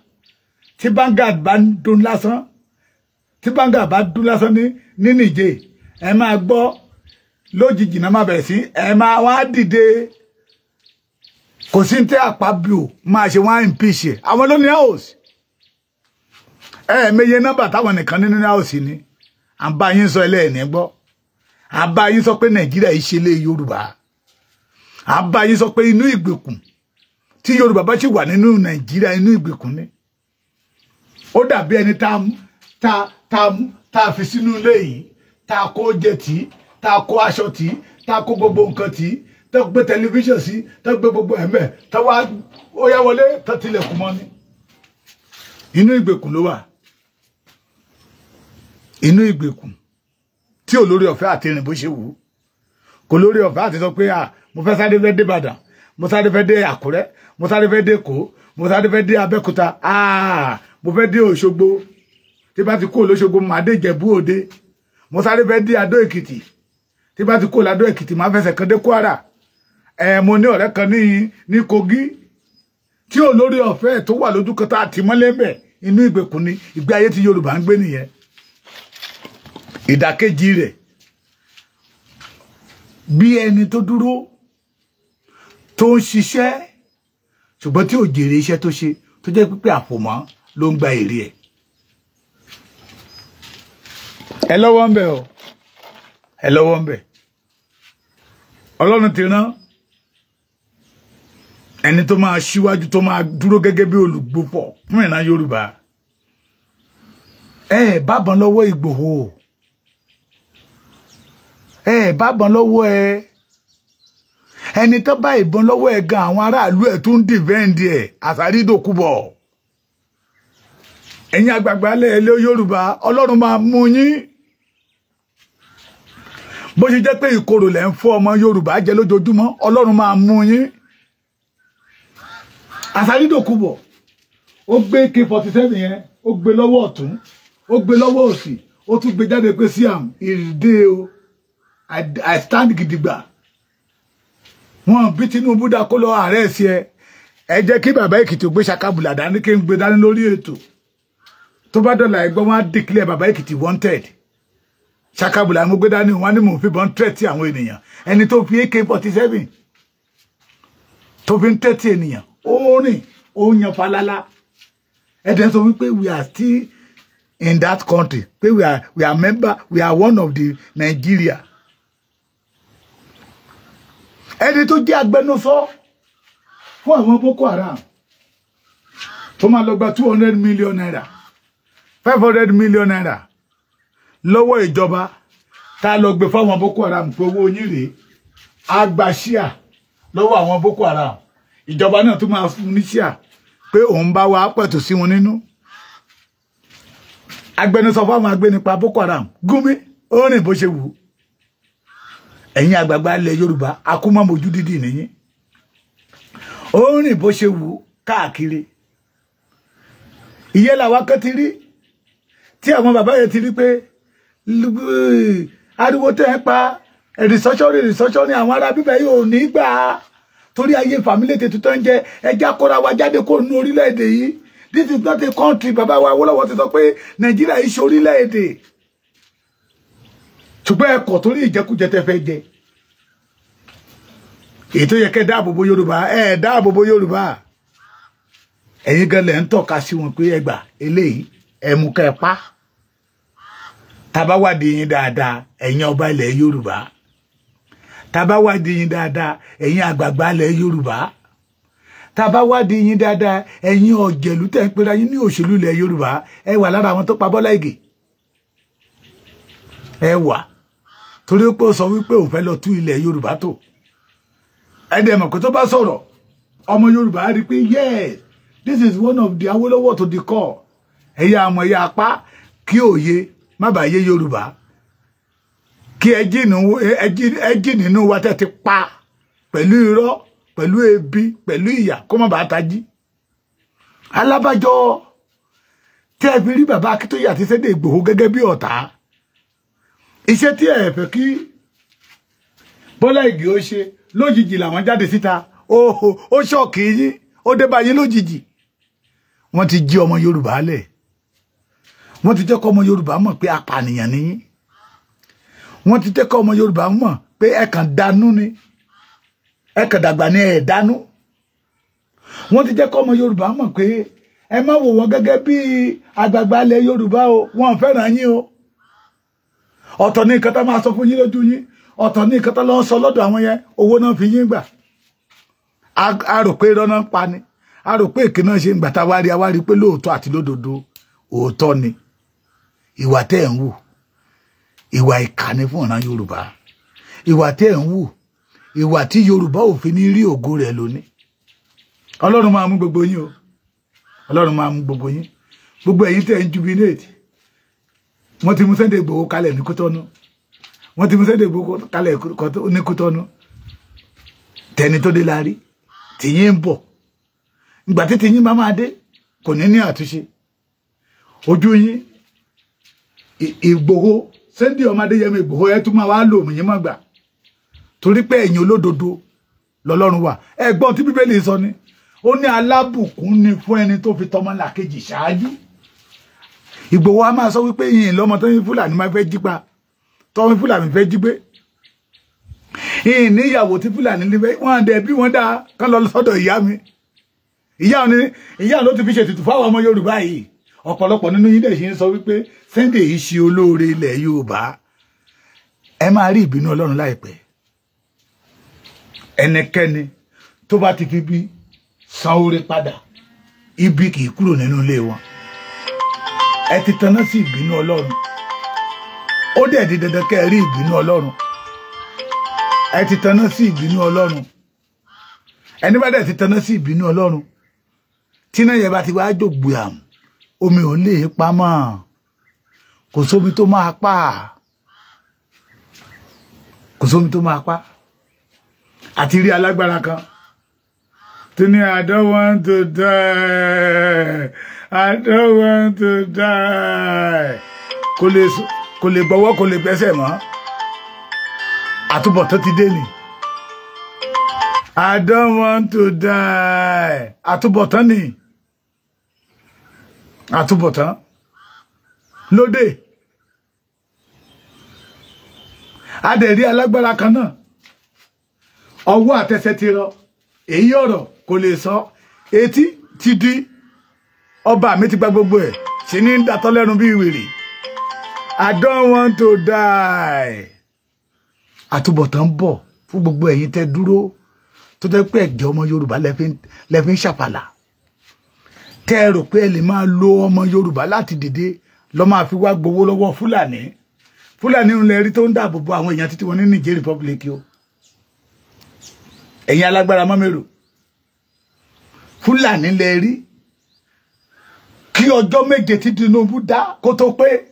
tí Vanguard bá dún lásán tí Vanguard bá dún lásán ní ní nìje ẹ máa gbọ́ lójijì náà má bẹ̀rẹ̀ sí ẹ máa wá dìde kò sí tẹ́ àpábíò máa ṣe wọ́n impeach ẹ̀ àwọn ló ní house ẹ̀ẹ̀mẹyẹ nọ́mbà táwọn nìkan nínú house ni à ń bá yín sọ ẹlẹ́ẹ̀ní gbọ́ à ń bá yín sọ pé nàìjíríà yìí ṣe lé yorùbá à ń bá yín sọ pé inú ìgbèkùn tí Yorùbá bá ṣì wà nínú Nàìjíríà inú ìgbèkùn ni ó dàbí ẹni tá tá ta tá fi sínú ilé yìí ta kó jẹ tí ta kó aṣọ tí tá kó gbogbo nǹkan tí tó gbé tẹlifíṣàn sí tó gbé gbogbo ẹ̀mẹ́ tó wá ó yá wọlé tó tilẹ̀kùn mọ́ ni inú ìgbèkùn ló wà inú ìgbèkùn tí ò lórí ọ̀fẹ́ àti ìrìn bó ṣe wù ú kò lórí ọ̀fẹ́ àti sọ pé à mo fẹ́ sáré fẹ́ dé Ìbàdàn mo sáré fẹ́ dé Àkúrẹ́ mo sáré fẹ́ dé kó mo sáré fẹ́ dé abẹ́kúta ah, mo fẹ́ dé òṣogbo tí bá ti kó lóṣogbo máa dé ìjẹ̀bú òde mo sáré fẹ́ dé adó èkìtì tí bá ti kó ládó èkìtì máa fẹsẹ̀ kan dé kwara ẹ̀ eh, mo ní ọ̀rẹ́ kan ní ní kogi tí olórí ọ̀fẹ́ tó wà lójú kan tá ti mọ́lé bẹ̀ inú ìgbèkùn ni ìgbé ayé tí yorùbá ń gbé nìyẹn ìdàkejì rẹ̀ bí ẹni tó dúró tó ń ṣiṣẹ́ ṣùgbọ́n tí ò jèrè iṣẹ́ tó ṣe tó jẹ́ pípé àpòmọ́ ló ń gba èrè ẹ̀. ẹ lọ́wọ́ ń bẹ̀ o ẹ lọ́wọ́ ń bẹ̀ ọlọ́run ti rán ẹni tó máa ṣíwájú tó máa dúró gẹ́gẹ́ bí olùgbòpọ̀ fún ìran yorùbá ẹ ẹ bábọn lọ́wọ́ ìgbòho ẹ ẹ bábọn lọ́wọ́ ẹ ẹni tó bá ìbọn lọ́wọ́ ẹ̀ gan àwọn aráàlú ẹ̀ tó ń dìvẹ́ǹdì ẹ̀ àsàrí dòkúbọ̀ ẹ̀yin àgbààgbà lẹ́ẹ̀lẹ́ Yorùbá Ọlọ́run máa mú yín bó ṣe jẹ́ pé ìkorò lẹ́ ń fọ́ ọmọ Yorùbá jẹ lójoojúmọ́ Ọlọ́run máa mú yín àsàrí dòkúbọ̀ ó gbé K47 yẹn ó gbé lọ́wọ́ ọ̀tún ó gbé lọ́wọ́ òsì ó tún gbé jáde pé sí àm o I stand gidigba wọn bí Tinubu dá kó lọ ààrẹ sí ẹ ẹ jẹ́ kí bàbá Èkìtì ò gbé ṣakabùlà dání kí n gbé dání lórí ètò tó bá dọ̀là ẹgbọ́n wọn á declare bàbá Èkìtì wanted ṣakabùlà mo gbé dání wọn ni mò ń fi bọ́n tẹ́tí àwọn ènìyàn ẹni tó fi AK forty seven tó fi ń tẹ́tí ènìyàn ó rìn ó yan falala ẹ̀dẹ̀ sọ wípé we are still in that country pé we are we are member we are one of the Nigeria ẹni tó jẹ́ agbẹnusọ fún àwọn Boko Haram tó máa lọ gba two hundred million naira five hundred million naira lọ́wọ́ ìjọba tá a lọ gbé fáwọn Boko Haram pé owó yín rèé agbàṣíà lọ́wọ́ àwọn Boko Haram ìjọba náà tún máa fún ní ṣíà pé òun bá wa pẹ̀tù sí wọn nínú agbẹnusọ fáwọn agbẹnipa Boko Haram Gumi ó rìn bó ṣe wù ú ẹ̀yin àgbààgbà ilẹ̀ yorùbá akúmọ̀mọ́jú dídì nìyí ó ń rìn bó ṣe wù káàkiri ìyẹn làwa kan ti rí tí àwọn bàbá yẹn ti rí pé ariwo tẹ́ ẹ pa rìsọ́ṣọ́rì rìsọ́ṣọ́rì àwọn ará bíbẹ̀ yóò ní gbà á torí ayé fàmílẹ̀ tètè tó ń jẹ ẹja kóra wa jáde kó nu orílẹ̀-èdè yìí this is not a country bàbá wa Awólọ́wọ̀ ti sọ pé nàìjíríà yìí ṣe orílẹ̀-èdè ṣùgbọ́n ẹ̀kọ́ torí ìjẹkújẹ tẹ́ fẹ́ jẹ èyí tó yẹ kẹ́ dáàbòbò yorùbá ẹ dáàbòbò yorùbá ẹ̀yin gan lẹ̀ ń tọ́ka sí wọn pé ẹgbà eléyìí ẹ̀mú kẹ́ pa tabawádìí yín dáadáa ẹ̀yin ọba ilẹ̀ yorùbá tabawádìí yín dáadáa ẹ̀yin àgbààgbà ilẹ̀ yorùbá tabawádìí yín dáadáa ẹ̀yin ọ̀jẹ̀lú tẹ̀ ń pera yín ní òṣèlú ilẹ̀ yorùbá ẹ wà lára àwọn tó pa Bọ́lá Ìgè ẹ wà torí pé ó sọ wípé ó fẹ́ lọ tú ilẹ̀ Yorùbá tò ẹ̀dẹ̀ mọ̀ pé tó bá sọ̀rọ̀ ọmọ Yorùbá rí pé yes this is one of the Awólọ́wọ̀ to the core ẹ̀yà àmọ̀ ẹ̀yà apá kí òye má bàa yé Yorùbá kí ẹjì nínú wa tẹ́ ti pa pẹ̀lú irọ́ pẹ̀lú ebi pẹ̀lú ìyà kó má bàa tají alábàjọ tẹ́ fi rí bàbá Akíntóyè àti Sunday Ìgbòho gẹ́gẹ́ bí ọ̀tá iṣẹ́ tí ẹ fẹ́ kí Bọ́lá Ìgè ó ṣe lójijì làwọn jáde síta ó ṣọ́ọ̀kì yín ó dé bá yín lójijì wọ́n ti jí ọmọ Yorùbá lẹ̀ wọ́n ti jẹ́ kọ́ ọmọ Yorùbá mọ̀ pé apànìyàn ni yín wọ́n ti jẹ́ kọ́ ọmọ Yorùbá mọ̀ pé ẹ kàn ni ẹ dàgbà ni ẹ dànù wọ́n ti jẹ́ ọmọ Yorùbá mọ̀ pé ẹ má wò wọ́n gẹ́gẹ́ bí àgbààgbà Yorùbá o wọ́n fẹ́ràn yín o. ọ̀tọ̀ ní nǹkan tá máa sọ fún yín lójú yín ọ̀tọ̀ ní nǹkan tá lọ́ sọ lọ́dọ̀ àwọn yẹn owó náà fi yín gbà a rò pé irọ́ náà ń pa ni a rò pé èké náà ṣe ń gbà tá a wá rí a pé lóòótọ́ àti lódodo òótọ́ ni ìwà tẹ́ ẹ̀ ń wù ni fún ìran Yorùbá ìwà tẹ́ ẹ̀ ń wù ìwà tí Yorùbá ò fi ní rí ògo rẹ̀ gbogbo yín gbogbo yín gbogbo wọ́n ti mú Sunday Igboho kalẹ̀ ní Kútọ́nù wọ́n ti mú Sunday Igboho kalẹ̀ ní Kútọ́nù tẹni tó dé la rí tìyín ń bọ̀ ìgbà tí tìyín bá máa dé kò ní ní àtúnṣe ojú yín Ìgbòho Sunday ọmọ Adéyẹmí Ìgbòho ẹ tún máa wá lò mí yín mọ́ gbà torí pé ẹ̀yin olódodo lọ́lọ́run wà ẹ̀gbọ́n tí bíbélì sọ ni ó ní alábùkún ni fún ẹni tó fi tọmọlàkejì ṣáájú. Ìgbòho a máa sọ wípé ìyìn lọ́mọ tó ń fúlàní máa fẹ́ jípa tọ́wọ́n fúlàní fẹ́ jí gbé ìyìn níyàwó tí fúlàní níbẹ̀ wọ́n á dẹ̀ bí wọ́n dáa kán lọ sọ́dọ̀ ìyá mi ìyá ni ìyá ló ti fi ṣètùtù fáwọn ọmọ Yorùbá yìí ọ̀pọ̀lọpọ̀ nínú yín dẹ̀ ṣe ń sọ wípé Sunday yìí ṣe olóore ilẹ̀ Yorùbá ẹ máa rí ìbínú Ọlọ́run láìpẹ́ ẹnikẹ́ni tó bá ti fi bí san padà ibi kì í kúrò nínú ilé wọn ẹ ti taná sí ìbínú ọlọ́run ó dẹ̀ di dandan kẹ́ ẹ rí ìbínú ọlọ́run ẹ ti taná sí ìbínú ọlọ́run ẹni bá dẹ̀ ti taná sí ìbínú ọlọ́run tíná yẹn bá ti wá jògbé àm omi ò lè pamọ́ kò sómi tó máa pa kò sómi tó máa pa àti rí alágbára kan tí ní I don't want to die. I don't want to die. Kò lè kò lè gbọ́wọ́ kò lè gbẹ́sẹ̀ mọ́. Àtúbọ̀tán ti dé ni. I don't want to die. Àtúbọ̀tán ni. Àtúbọ̀tán. Lóde. A dẹ̀ rí alágbára kan náà. Ọwọ́ àtẹsẹ̀ ti rọ. Èyí ọ̀rọ̀ kò lè sọ. Etí ti di ọba mi ti gba gbogbo ẹ̀ ṣe ní dàtọ́ lẹ́nu bí wèrè I don't want to die àtúbọ̀tán bọ̀ fún gbogbo ẹ̀yin tẹ́ dúró tó jẹ́ pé ẹ̀jẹ̀ ọmọ Yorùbá lẹ fi ń ṣàpàlà tẹ́ ẹ rò pé ẹ lè máa lo ọmọ Yorùbá láti dìde lọ máa fi wá gbowó lọ́wọ́ Fúlàní Fúlàní ń lẹ rí tó ń dáàbò bo àwọn èèyàn títí wọn ní Niger Republic o ẹ̀yin alágbára mọ́mẹ́rò Fúlàní lẹ rí ọjọ́ méje tí Tinubu dá kó tó pé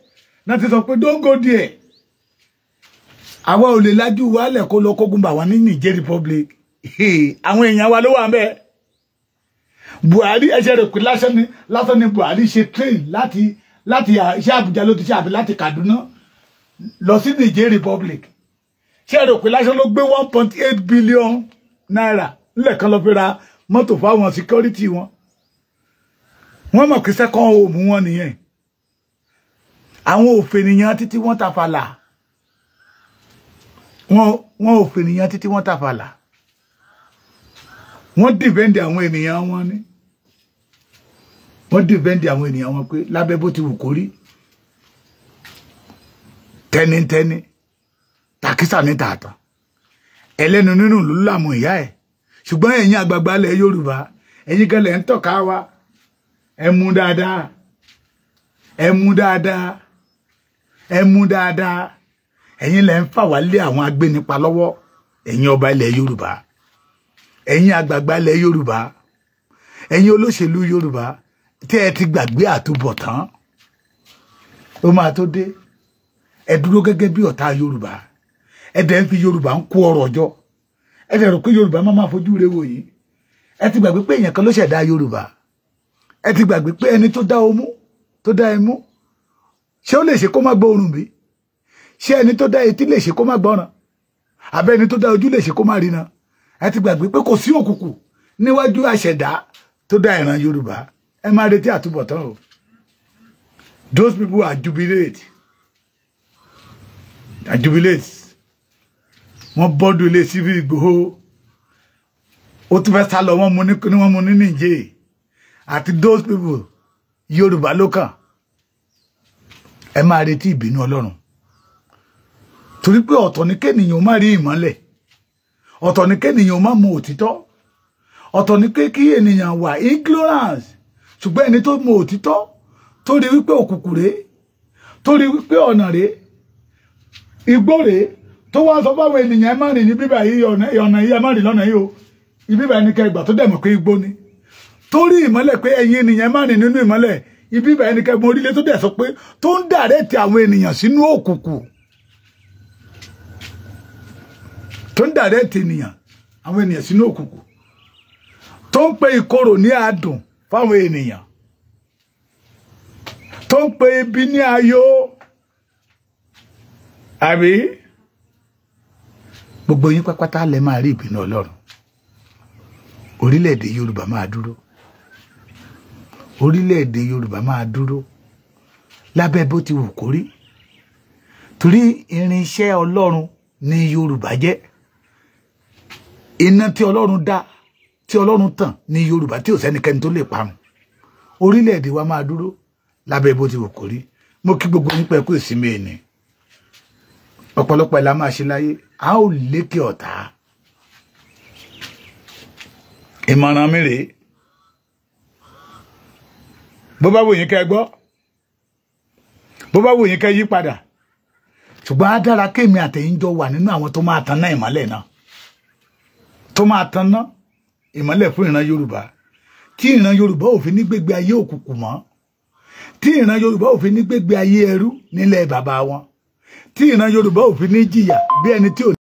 náà ti sọ pé dóńgò díẹ̀ àwa ò lè lájú wálẹ̀ kó lọ kógun bà wá ní Niger Republic àwọn èèyàn wa ló wà ńbẹ̀ Buhari ẹsẹ rẹ pé lásán ni lásán ni Buhari ṣe train láti láti ṣe Àbújá ló ti ṣe àbí láti Kaduna lọ sí Niger Republic ṣe rẹ pé lásán ló gbé one point eight billion naira ńlẹ̀ kan lọ fi ra mọ́tò fáwọn security wọn wọ́n mọ̀ pé second home wọn nìyẹn àwọn òfènìyàn títí wọ́n tàfàlà wọ́n òfènìyàn títí wọ́n tàfàlà wọ́n dìbẹ́ndì àwọn ènìyàn wọn ni wọ́n dìbẹ́ndì àwọn ènìyàn wọn pé lábẹ́ bó ti wù kórí tẹnitẹni takisa ní tààtà ẹlẹ́nu nínú ló lámù ìyá ẹ̀ ṣùgbọ́n ẹ̀yin àgbàgbà ilẹ̀ Yorùbá ẹ̀yin gẹ́lẹ́ ń tọ́ka wa ẹ mú dáadáa ẹ mú dáadáa ẹ mú dáadáa ẹ̀yin lẹ ń fà wá lé àwọn agbénipa lọ́wọ́ ẹ̀yin ọba ilẹ̀ Yorùbá ẹ̀yin àgbààgbà ilẹ̀ Yorùbá ẹ̀yin olóṣèlú Yorùbá tí ẹ ti gbàgbé àtúbọ̀tán ó máa tó dé ẹ dúró gẹ́gẹ́ bí ọ̀tá Yorùbá ẹ dẹ̀ ń fi Yorùbá ń kó ọrọ̀ jọ ẹ dẹ̀ rò pé Yorùbá má máa fojú rẹ̀ yìí ẹ ti gbàgbé pé èèyàn kan ló ṣẹ̀dá Yorùbá ẹ ti gbàgbé pé ẹni tó dá omú tó dá imú ṣé ó lè ṣe kó má gbọ́ òórùn bí ṣé ẹni tó dá etí lè ṣe kó má gbọ́ràn àbẹ́ ẹni tó dá ojú lè ṣe kó má rína ẹ ti gbàgbé pé kò sí òkùnkùn níwájú àṣẹ̀dá tó dá ìran Yorùbá ẹ máa retí àtúbọ̀tán o those people are jubilate are jubilate wọ́n bọ́dún ilé síbí Ìgbòho ó tún fẹ́ sá lọ wọ́n mú ní wọ́n mú ní Nìjẹ́ẹ̀ àti those people yorùbá ló kàn ẹ máa retí ìbínú ọlọ́run torí pé ọ̀tọ̀ ni kéènìyàn má rí ìmọ́lẹ̀ ọ̀tọ̀ ni kéènìyàn má mọ òtítọ́ ọ̀tọ̀ ni pé kí ènìyàn wà ignorance ṣùgbọ́n ẹni tó mọ òtítọ́ tó rí wípé òkùnkùn rèé tó rí wípé ọ̀nà rèé igbó rèé tó wá sọ fáwọn ènìyàn ẹ má rìn ní bíbá yìí ọ̀nà yìí ẹ má rìn lọ́nà yìí o ìbíbá ẹni kẹgbà tó dẹ̀ mọ̀ pé igbó ni torí ìmọ́lẹ̀ pé ẹ̀yin ènìyàn má rìn nínú ìmọ́lẹ̀ ibi ìbẹ̀rẹ̀ ni kẹ́gun orílẹ̀ tó dẹ̀ sọ pé tó ń dàrẹ́tì àwọn ènìyàn sínú òkùnkùn tó ń dàrẹ́tì ènìyàn àwọn ènìyàn sínú òkùnkùn tó ń pe ìkorò ní adùn fáwọn ènìyàn tó ń pe ibi ní ayọ̀ àbí gbogbo yín pátápátá lẹ máa rí ìbínú Ọlọ́run orílẹ̀-èdè Yorùbá máa dúró orílẹ̀-èdè yorùbá máa dúró lábẹ́ bó ti wù kó torí irinṣẹ́ ọlọ́run ni yorùbá jẹ́ iná tí ọlọ́run dá tí ọlọ́run tàn ni yorùbá tí ò sẹ́nikẹ́ni tó lè parun orílẹ̀-èdè wa máa dúró lábẹ́ bó ti wù kó rí mo kí gbogbo nípa ẹ̀kú ìsinmi ẹ̀nì ọ̀pọ̀lọpọ̀ ẹ̀ la máa ṣe láyé a ó lékè ọ̀tá ìmọ̀ràn mi rèé bó bá wù yín kẹ́ gbọ́ bó bá wù yín kẹ́ yí padà ṣùgbọ́n á dára kémi àtẹ̀yìn jọ wà nínú àwọn tó máa tan náà ìmọ́lẹ̀ náà tó máa tan náà ìmọ́lẹ̀ fún ìran Yorùbá tí ìran Yorùbá ò fi ní gbégbé ayé òkùnkùn mọ́ tí ìran Yorùbá ò ní gbégbé ayé ẹrú nílẹ̀ bàbá wọn tí ìran Yorùbá ò ní jìyà bí ẹni tí ò